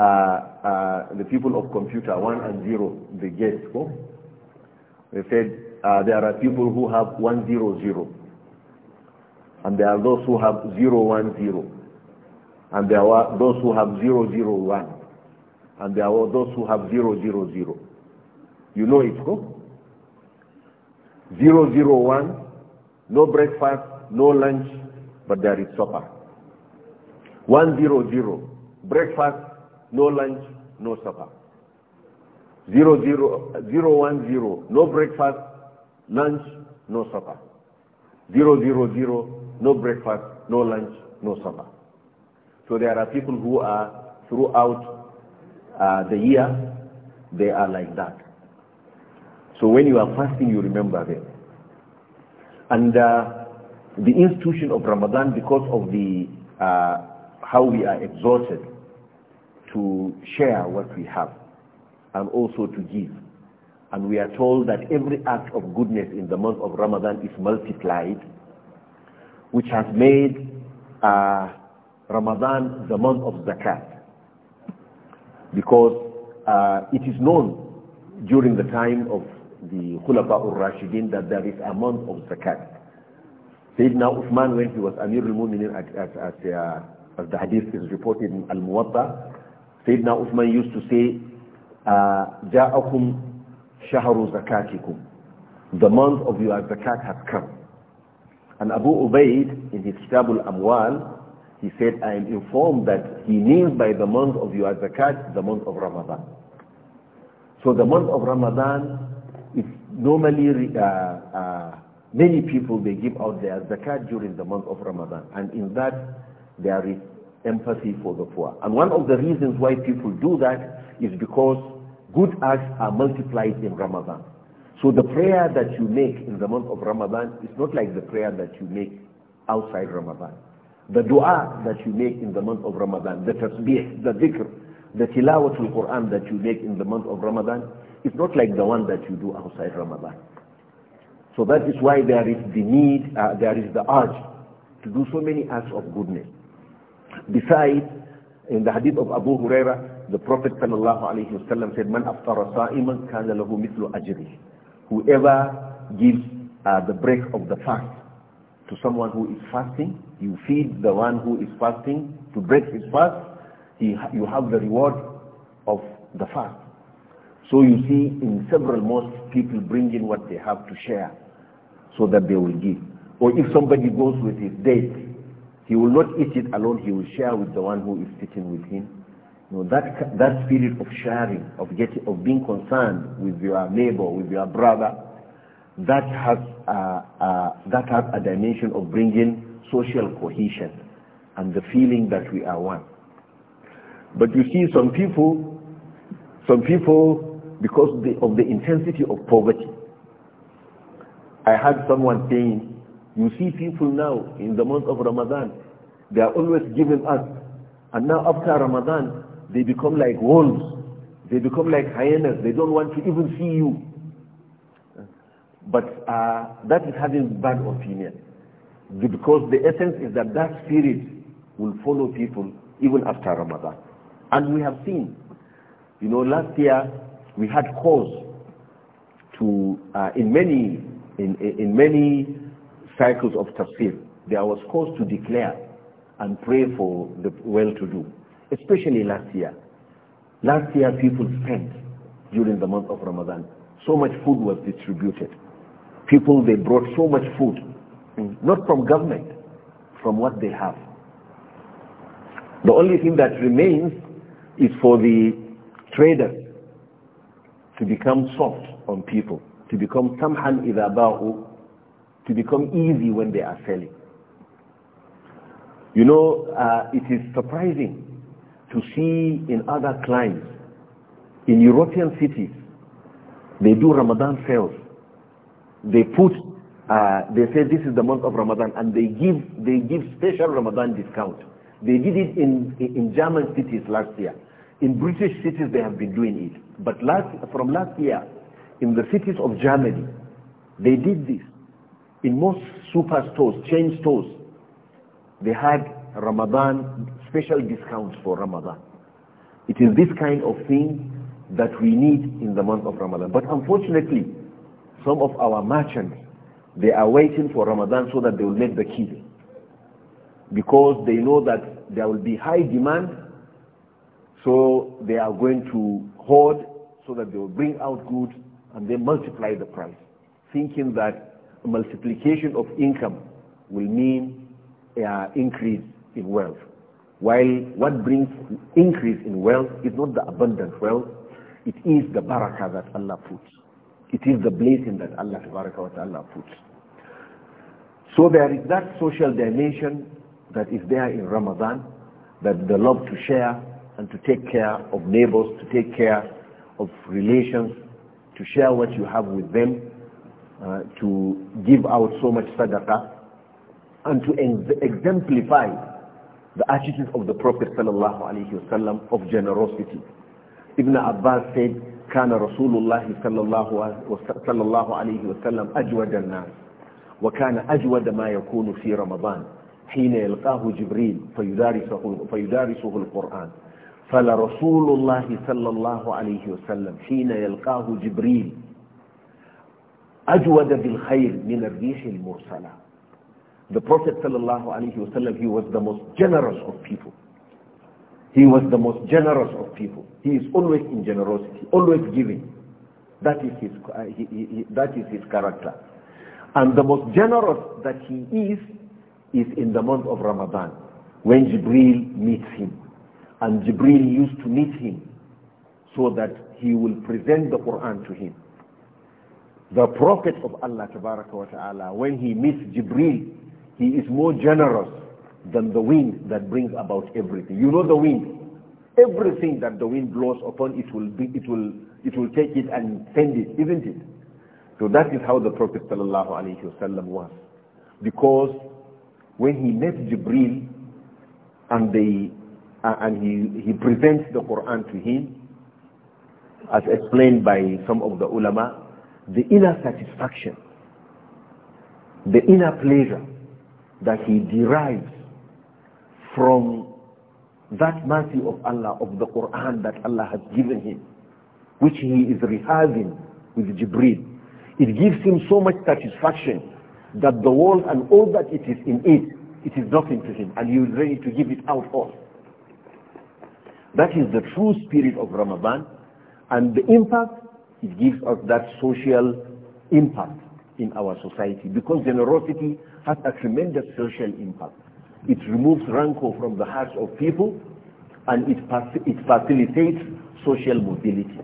uh, uh, the people of computer one and zero. They guess. Oh? They said uh, there are people who have one zero zero, and there are those who have zero one zero, and there are those who have zero zero one, and there are those who have zero zero zero. You know it, go? Zero, zero, 001, no breakfast, no lunch, but there is supper. 100, breakfast, no lunch, no supper. 010, no breakfast, lunch, no supper. 000, no breakfast, no lunch, no supper. So there are people who are throughout uh, the year, they are like that. So when you are fasting, you remember them. And uh, the institution of Ramadan, because of the uh, how we are exhorted to share what we have and also to give. And we are told that every act of goodness in the month of Ramadan is multiplied, which has made uh, Ramadan the month of zakat. Because uh, it is known during the time of the Khulafa al rashidin that there is a month of zakat. Sayyidina Uthman, when he was Amir al-Mu'minin, as, as, uh, as, the hadith is reported in Al-Muwatta, Sayyidina Uthman used to say, uh, Ja'akum shaharu zakatikum. The month of your zakat has come. And Abu Ubaid, in his Kitab al-Amwal, he said, I am informed that he means by the month of your zakat, the month of Ramadan. So the month of Ramadan normally uh, uh, many people they give out their zakat during the month of Ramadan and in that there is empathy for the poor and one of the reasons why people do that is because good acts are multiplied in Ramadan so the prayer that you make in the month of Ramadan is not like the prayer that you make outside Ramadan the dua that you make in the month of Ramadan the tasbih the dhikr the tilawatul Quran that you make in the month of Ramadan is not like the one that you do outside Ramadan. So that is why there is the need, uh, there is the urge to do so many acts of goodness. Besides, in the hadith of Abu Huraira, the Prophet ﷺ said, Man sa'iman Whoever gives uh, the break of the fast to someone who is fasting, you feed the one who is fasting to break his fast, he, you have the reward of the fast. So you see in several mosques, people bring in what they have to share so that they will give. Or if somebody goes with his date, he will not eat it alone, he will share with the one who is sitting with him. You know, that, that spirit of sharing, of, getting, of being concerned with your neighbor, with your brother, that has, uh, uh, that has a dimension of bringing social cohesion and the feeling that we are one. But you see some people, some people because of the intensity of poverty. I heard someone saying, you see people now in the month of Ramadan, they are always giving us. And now after Ramadan, they become like wolves. They become like hyenas. They don't want to even see you. But uh, that is having bad opinion. Because the essence is that that spirit will follow people even after Ramadan. And we have seen, you know, last year we had cause to, uh, in many, in, in many cycles of tafsir, there was cause to declare and pray for the well-to-do, especially last year. Last year people spent during the month of Ramadan. So much food was distributed. People, they brought so much food, not from government, from what they have. The only thing that remains is for the traders to become soft on people, to become somehow idha to become easy when they are selling. You know, uh, it is surprising to see in other climes, in European cities, they do Ramadan sales. They put, uh, they say this is the month of Ramadan, and they give they give special Ramadan discount. They did it in in German cities last year. In British cities, they have been doing it. But last, from last year, in the cities of Germany, they did this. In most superstores, chain stores, they had Ramadan, special discounts for Ramadan. It is this kind of thing that we need in the month of Ramadan. But unfortunately, some of our merchants, they are waiting for Ramadan so that they will make the kill. Because they know that there will be high demand so they are going to hoard so that they will bring out goods and they multiply the price, thinking that multiplication of income will mean an uh, increase in wealth. While what brings increase in wealth is not the abundant wealth, it is the barakah that Allah puts. It is the blessing that Allah Ta'ala puts. So there is that social dimension that is there in Ramadan, that the love to share, and to take care of neighbors, to take care of relations, to share what you have with them, uh, to give out so much sadaqah, and to exemplify the attitude of the Prophet sallallahu wasallam of generosity. Ibn Abbas said, كان رسول الله صلى الله صلى الله عليه وسلم أجود الناس وكان أجود ما يكون في رمضان حين يلقاه جبريل فيدارسه, فيدارسه القرآن فلرسول الله صلى الله عليه وسلم حين يلقاه جبريل أجود بالخير من الريح المرسلة The Prophet صلى الله عليه وسلم he was the most generous of people He was the most generous of people. He is always in generosity, always giving. That is his, uh, he, he, he, that is his character. And the most generous that he is, is in the month of Ramadan, when Jibril meets him and Jibril used to meet him so that he will present the Quran to him. The Prophet of Allah ta'ala, when he meets Jibril, he is more generous than the wind that brings about everything. You know the wind. Everything that the wind blows upon it will, be, it will, it will take it and send it, isn't it? So that is how the Prophet Wasallam was. Because when he met Jibril and they uh, and he, he presents the Quran to him, as explained by some of the ulama, the inner satisfaction, the inner pleasure that he derives from that mercy of Allah, of the Quran that Allah has given him, which he is rehearsing with Jibreel. It gives him so much satisfaction that the world and all that it is in it, it is nothing to him, and he is ready to give it out all. That is the true spirit of Ramadan. And the impact, it gives us that social impact in our society because generosity has a tremendous social impact. It removes rancor from the hearts of people and it, it facilitates social mobility.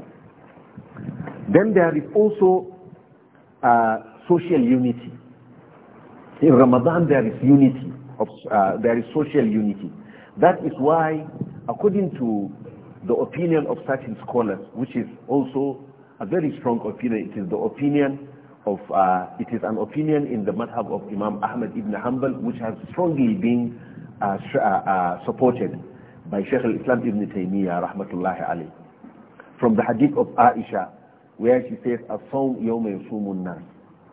Then there is also uh, social unity. In Ramadan there is unity, of, uh, there is social unity. That is why according to the opinion of certain scholars, which is also a very strong opinion, it is the opinion of, uh, it is an opinion in the madhab of Imam Ahmad ibn Hanbal, which has strongly been uh, uh, uh, supported by sheik al-Islam ibn Taymiyyah, rahmatullahi alayhi. From the hadith of Aisha, where she says, "Asawm yawma yusumun nas,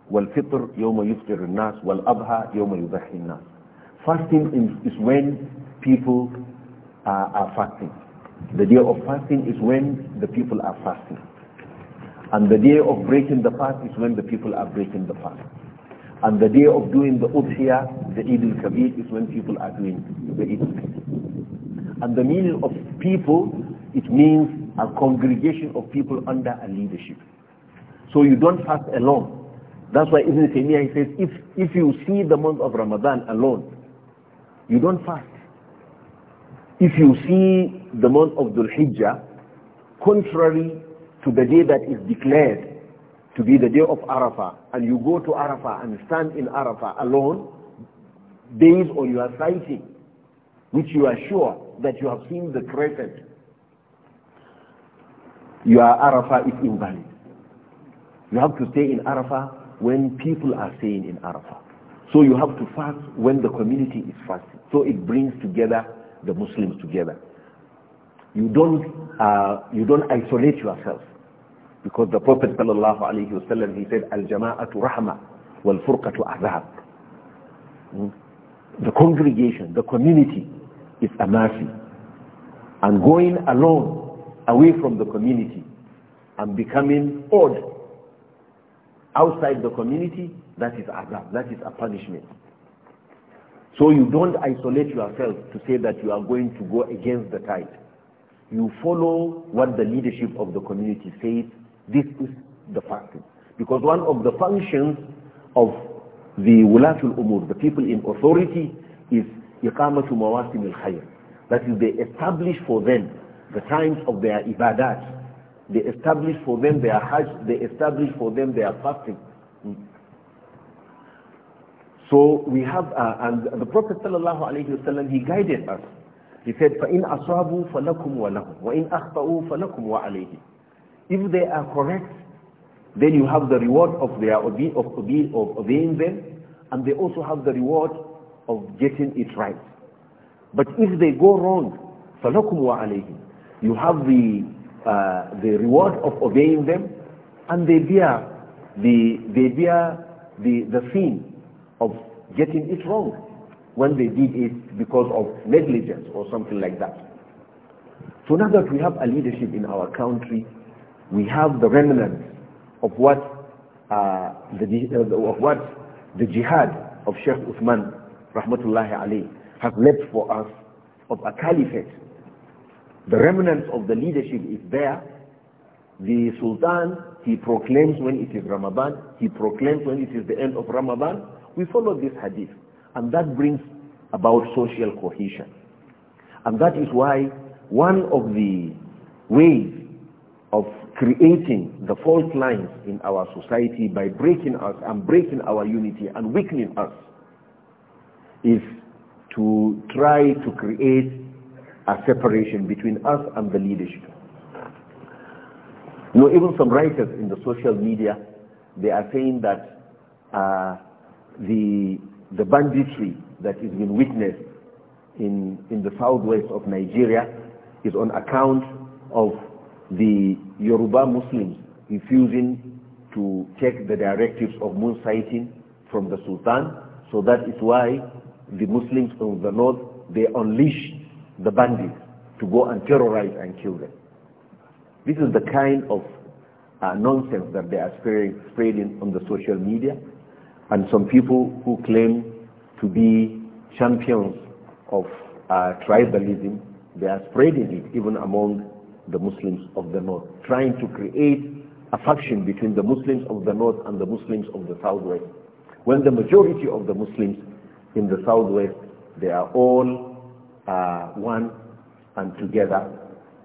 wal fitr yawma yuftir nas, wal adha yawma nas." Fasting is when people are, are fasting. The day of fasting is when the people are fasting. And the day of breaking the fast is when the people are breaking the fast. And the day of doing the udhiyah, the Eid al-Kabir, is when people are doing the Eid al-Kabir. And the meaning of people, it means a congregation of people under a leadership. So you don't fast alone. That's why Ibn Taymiyyah says, if, if you see the month of Ramadan alone, you don't fast. If you see the month of Dhul Hijjah, contrary to the day that is declared to be the day of Arafah, and you go to Arafah and stand in Arafah alone, based on your sighting, which you are sure that you have seen the crescent, your Arafah is invalid. You have to stay in Arafah when people are staying in Arafah. So you have to fast when the community is fasting. So it brings together the Muslims together. You don't, uh, you don't isolate yourself. Because the Prophet sallallahu alayhi wasallam, he said, Al-jama'atu rahma wal-furqatu azab. Hmm? The congregation, the community is a mercy. And going alone, away from the community, and becoming odd outside the community, that is azab, that is a punishment. So you don't isolate yourself to say that you are going to go against the tide. You follow what the leadership of the community says. This is the fasting. Because one of the functions of the wulatul umur, the people in authority, is iqamatu mawasim al-khayr. That is, they establish for them the times of their ibadat. They establish for them their hajj. They establish for them their fasting. So we have, uh, and the Prophet sallallahu alayhi wasallam, he guided us. He said, فَإِنْ أَصْوَابُوا فَلَكُمْ وَلَهُمْ وَإِنْ أَخْطَأُوا فَلَكُمْ وَعَلَيْهِ If they are correct, then you have the reward of their obe of, obe of obeying them, and they also have the reward of getting it right. But if they go wrong, فَلَكُمْ وَعَلَيْهِ You have the, uh, the reward of obeying them, and they bear the, they bear the, the sin of getting it wrong when they did it because of negligence or something like that. So now that we have a leadership in our country, we have the remnants of what, uh, the, uh, of what the jihad of Sheikh Uthman rahmatullahi alayhi has left for us of a caliphate. The remnants of the leadership is there. The Sultan, he proclaims when it is Ramadan, he proclaims when it is the end of Ramadan, we follow this hadith. And that brings about social cohesion. And that is why one of the ways of creating the fault lines in our society by breaking us and breaking our unity and weakening us is to try to create a separation between us and the leadership. You know, even some writers in the social media, they are saying that uh, the, the banditry that is being witnessed in, in the southwest of Nigeria is on account of the Yoruba Muslims refusing to take the directives of moon sighting from the Sultan. So that is why the Muslims from the north, they unleash the bandits to go and terrorize and kill them. This is the kind of uh, nonsense that they are spreading on the social media and some people who claim to be champions of uh, tribalism, they are spreading it even among the Muslims of the North, trying to create a faction between the Muslims of the North and the Muslims of the Southwest. When the majority of the Muslims in the Southwest, they are all uh, one and together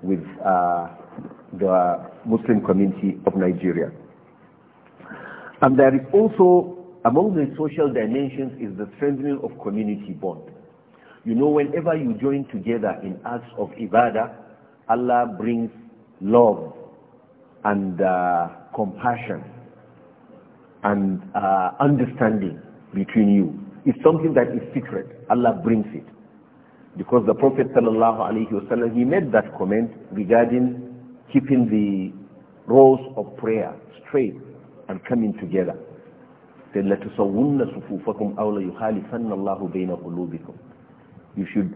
with uh, the Muslim community of Nigeria. And there is also among the social dimensions is the strengthening of community bond. You know, whenever you join together in acts of ibadah, Allah brings love and uh, compassion and uh, understanding between you. It's something that is secret. Allah brings it. Because the Prophet wasallam he made that comment regarding keeping the rows of prayer straight and coming together you should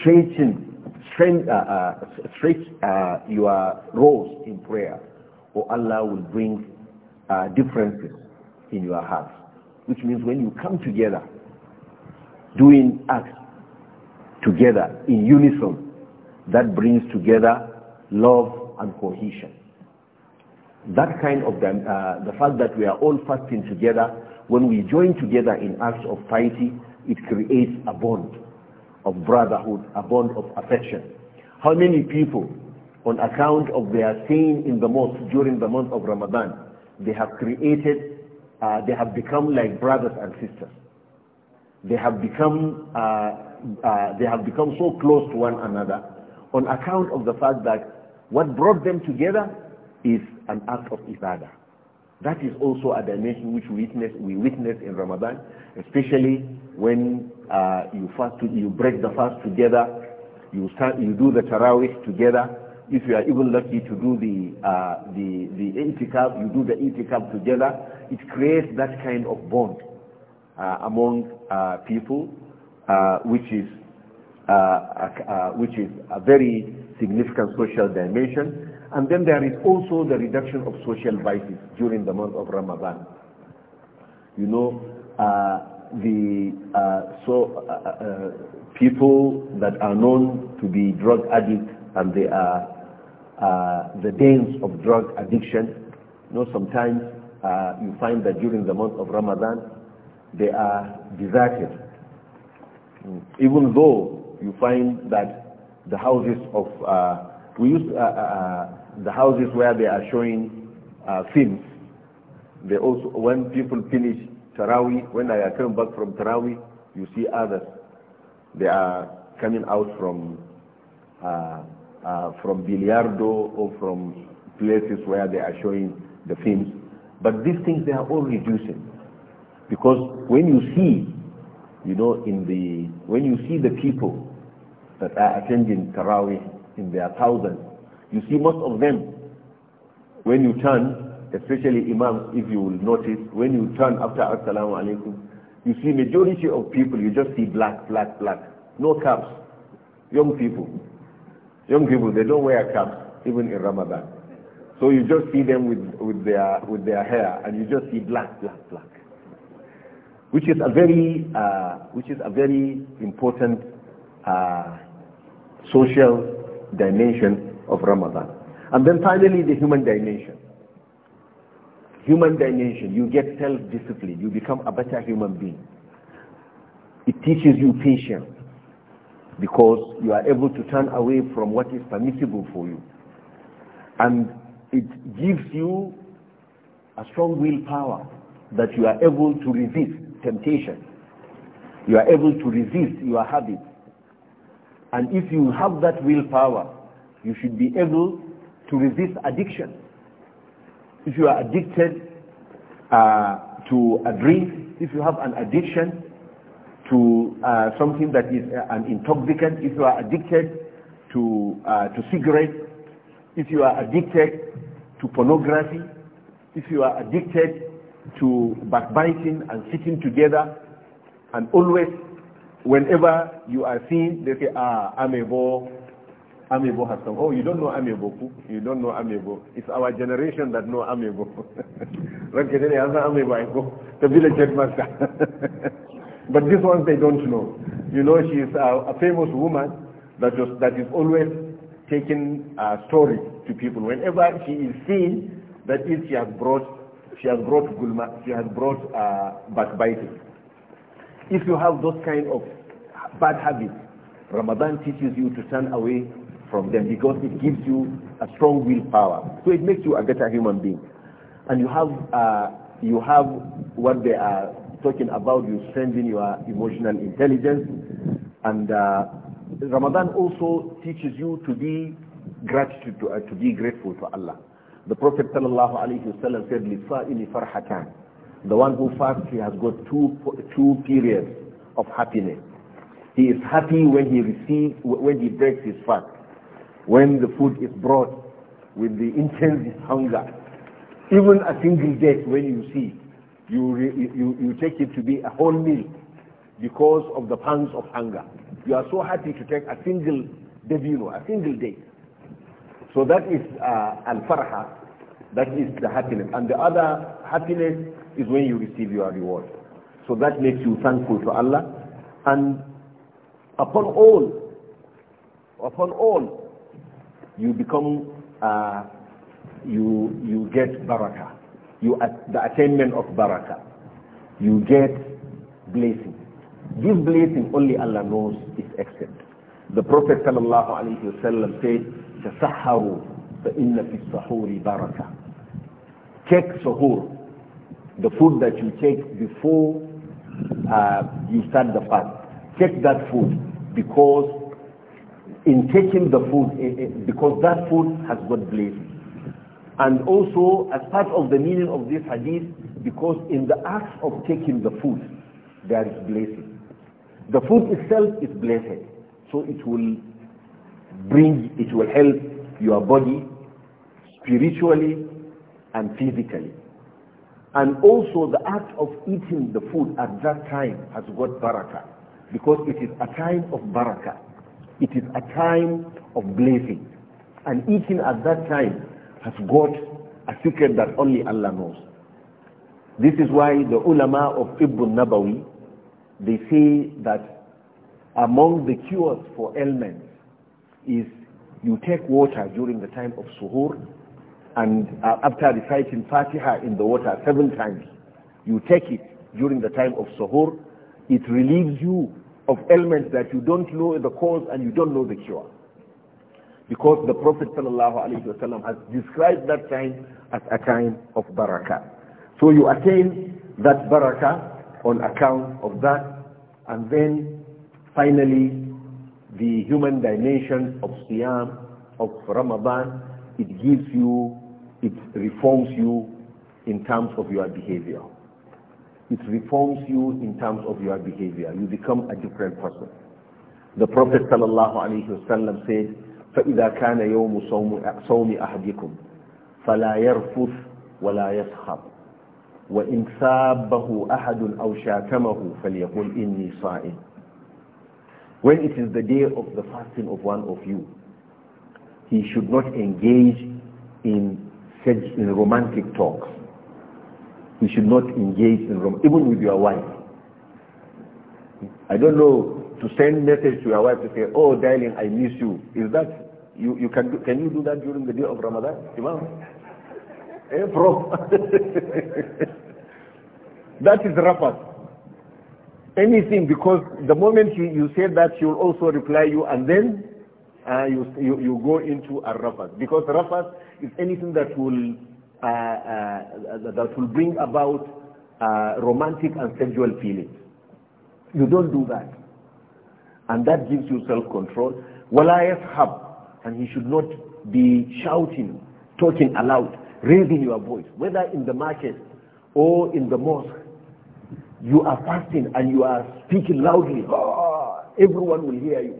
strengthen strength, uh, uh, stretch uh, your rows in prayer or Allah will bring uh, differences in your hearts which means when you come together doing acts together in unison that brings together love and cohesion that kind of uh, the fact that we are all fasting together when we join together in acts of piety, it creates a bond of brotherhood, a bond of affection. How many people, on account of their staying in the mosque during the month of Ramadan, they have created, uh, they have become like brothers and sisters. They have become, uh, uh, they have become so close to one another on account of the fact that what brought them together is an act of ibadah. That is also a dimension which we witness, we witness in Ramadan, especially when uh, you fast, you break the fast together, you start, you do the tarawih together. If you are even lucky to do the uh, the the you do the itikaf together. It creates that kind of bond uh, among uh, people, uh, which is uh, which is a very significant social dimension. And then there is also the reduction of social vices during the month of Ramadan. You know, uh, the uh, so uh, uh, uh people that are known to be drug addicts and they are uh, the danes of drug addiction. You know, sometimes you find that during the month of Ramadan they are deserted. Mm. Even though you find that the houses of we used uh, uh, the houses where they are showing uh, films, they also, when people finish tarawih, when they are coming back from tarawih, you see others. They are coming out from uh, uh, from Biliardo or from places where they are showing the films. But these things, they are all reducing. Because when you see, you know, in the, when you see the people that are attending tarawih, in their thousands, you see most of them, when you turn, especially imams, if you will notice, when you turn after Assalamu alaikum, you see majority of people, you just see black, black, black. No caps. Young people. Young people, they don't wear caps, even in Ramadan. So you just see them with, with, their, with their hair, and you just see black, black, black. Which is a very, uh, which is a very important uh, social dimension of Ramadan. And then finally, the human dimension. Human dimension, you get self-discipline. You become a better human being. It teaches you patience because you are able to turn away from what is permissible for you. And it gives you a strong willpower that you are able to resist temptation. You are able to resist your habits. And if you have that willpower, you should be able to resist addiction. If you are addicted uh, to a drink, if you have an addiction to uh, something that is uh, an intoxicant, if you are addicted to, uh, to cigarettes, if you are addicted to pornography, if you are addicted to backbiting and sitting together, and always, whenever you are seen, they say, ah, I'm a bore, Amebo has come. Oh, you don't know Amebo. You don't know Amebo. It's our generation that know Amebo. *laughs* Rankadere has Amebo, the village headmaster. *laughs* but these ones they don't know. You know, she is a, a famous woman that, was, that is always taking uh, stories to people. Whenever she is seen, that is, she has brought, she has brought gulma, she has brought uh, backbiting. If you have those kind of bad habits, Ramadan teaches you to turn away from them because it gives you a strong willpower. So it makes you a better human being. And you have, uh, you have what they are talking about, you strengthen your emotional intelligence. And uh, Ramadan also teaches you to be gratitude, to, uh, to be grateful to Allah. The Prophet ﷺ said, farhatan. The one who fasts, he has got two, two periods of happiness. He is happy when he receives, when he breaks his fast when the food is brought with the intense hunger. Even a single day when you see, you, you, you take it to be a whole meal because of the pangs of hunger. You are so happy to take a single know, a single day. So that is uh, al-farha, that is the happiness. And the other happiness is when you receive your reward. So that makes you thankful to Allah. And upon all, upon all, you become uh, you you get barakah you at the attainment of barakah you get blessing this blessing only Allah knows its extent the prophet sallallahu alaihi wasallam said tasaharu fa inna fi sahuri baraka take sahur the food that you take before uh, you start the fast take that food because in taking the food eh, eh, because that food has got blessing. And also, as part of the meaning of this hadith, because in the act of taking the food, there is blessing. The food itself is blessed, so it will bring, it will help your body spiritually and physically. And also the act of eating the food at that time has got barakah because it is a time of barakah. It is a time of blessing. And eating at that time has got a secret that only Allah knows. This is why the ulama of Ibn Nabawi, they say that among the cures for ailments is you take water during the time of suhoor and uh, after reciting Fatiha in the water seven times, you take it during the time of suhoor, it relieves you of ailments that you don't know the cause and you don't know the cure. Because the Prophet ﷺ has described that time as a time of barakah. So you attain that barakah on account of that. And then finally, the human dimension of Siyam, of Ramadan, it gives you, it reforms you in terms of your behavior it reforms you in terms of your behavior. You become a different person. The Prophet ﷺ said, فَإِذَا كَانَ يَوْمُ صَوْمِ أَحَدِكُمْ فَلَا يَرْفُثْ وَلَا يَسْخَبْ وَإِنْ ثَابَهُ أَحَدٌ أَوْ شَاكَمَهُ فَلْيَقُلْ إِنِّي صَائِمٌ When it is the day of the fasting of one of you, he should not engage in, in romantic talks you should not engage in romance, even with your wife. I don't know, to send message to your wife to say, oh, darling, I miss you. Is that, you, you can, do, can you do that during the day of Ramadan, Imam? eh, bro. *laughs* that is rapat. Anything, because the moment you, you say that, she will also reply you, and then uh, you, you, you go into a rapat. Because rapat is anything that will uh, uh, that will bring about uh, romantic and sexual feelings. You don't do that. And that gives you self-control. وَلَا يَفْحَبْ And he should not be shouting, talking aloud, raising your voice, whether in the market or in the mosque. You are fasting and you are speaking loudly. Oh, everyone will hear you.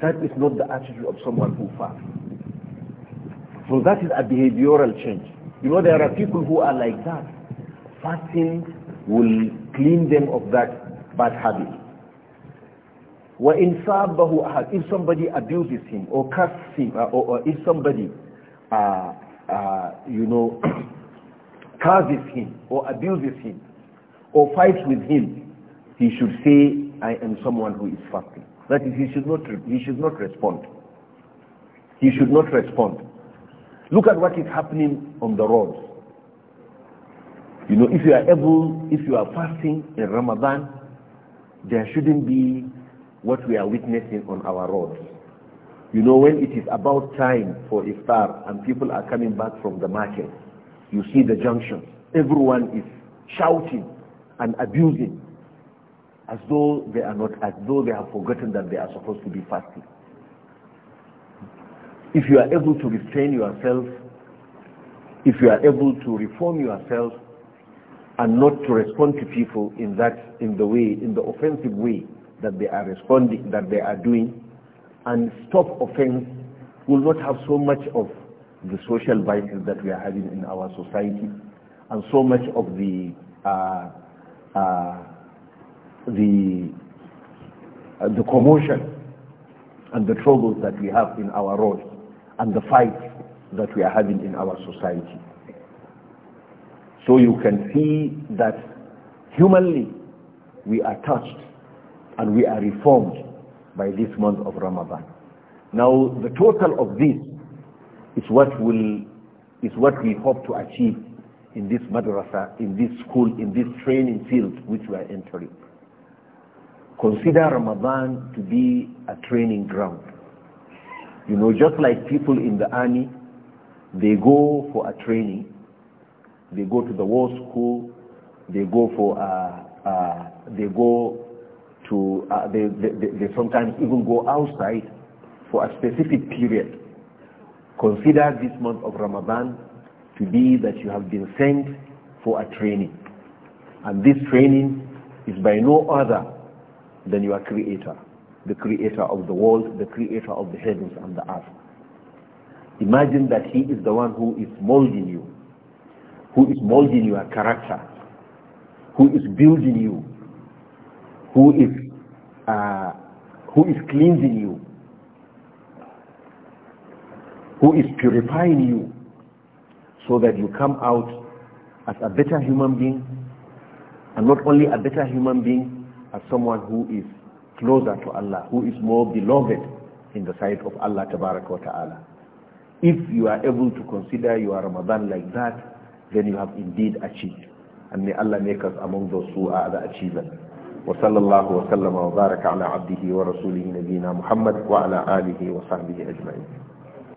That is not the attitude of someone who fasts. So that is a behavioral change. You know, there are people who are like that. Fasting will clean them of that bad habit. وَإِنْ صَابَهُ أَحَدٍ If somebody abuses him or curses him, uh, or, or, if somebody, uh, uh, you know, curses *coughs* him or abuses him or fights with him, he should say, I am someone who is fasting. That is, he should not, he should not respond. He should not respond. Look at what is happening on the roads. You know, if you are able, if you are fasting in Ramadan, there shouldn't be what we are witnessing on our roads. You know, when it is about time for iftar and people are coming back from the market, you see the junction. Everyone is shouting and abusing as though they are not, as though they have forgotten that they are supposed to be fasting if you are able to restrain yourself, if you are able to reform yourself and not to respond to people in that in the way in the offensive way that they are responding that they are doing and stop offense will not have so much of the social vices that we are having in our society and so much of the uh, uh, the uh, the commotion and the troubles that we have in our roads and the fight that we are having in our society. So you can see that humanly we are touched and we are reformed by this month of Ramadan. Now the total of this is what will is what we hope to achieve in this madrasa, in this school, in this training field which we are entering. Consider Ramadan to be a training ground you know, just like people in the army, they go for a training, they go to the war school, they go for, uh, uh, they go to, uh, they, they, they sometimes even go outside for a specific period. Consider this month of Ramadan to be that you have been sent for a training. And this training is by no other than your Creator the creator of the world, the creator of the heavens and the earth. Imagine that he is the one who is molding you, who is molding your character, who is building you, who is, uh, who is cleansing you, who is purifying you so that you come out as a better human being and not only a better human being, as someone who is closer to Allah, who is more beloved in the sight of Allah wa ta'ala. If you are able to consider your Ramadan like that, then you have indeed achieved. And may Allah make us among those who are the achievers. وصلى الله وسلم وبارك على عبده ورسوله نبينا محمد وعلى wa وصحبه ajma'in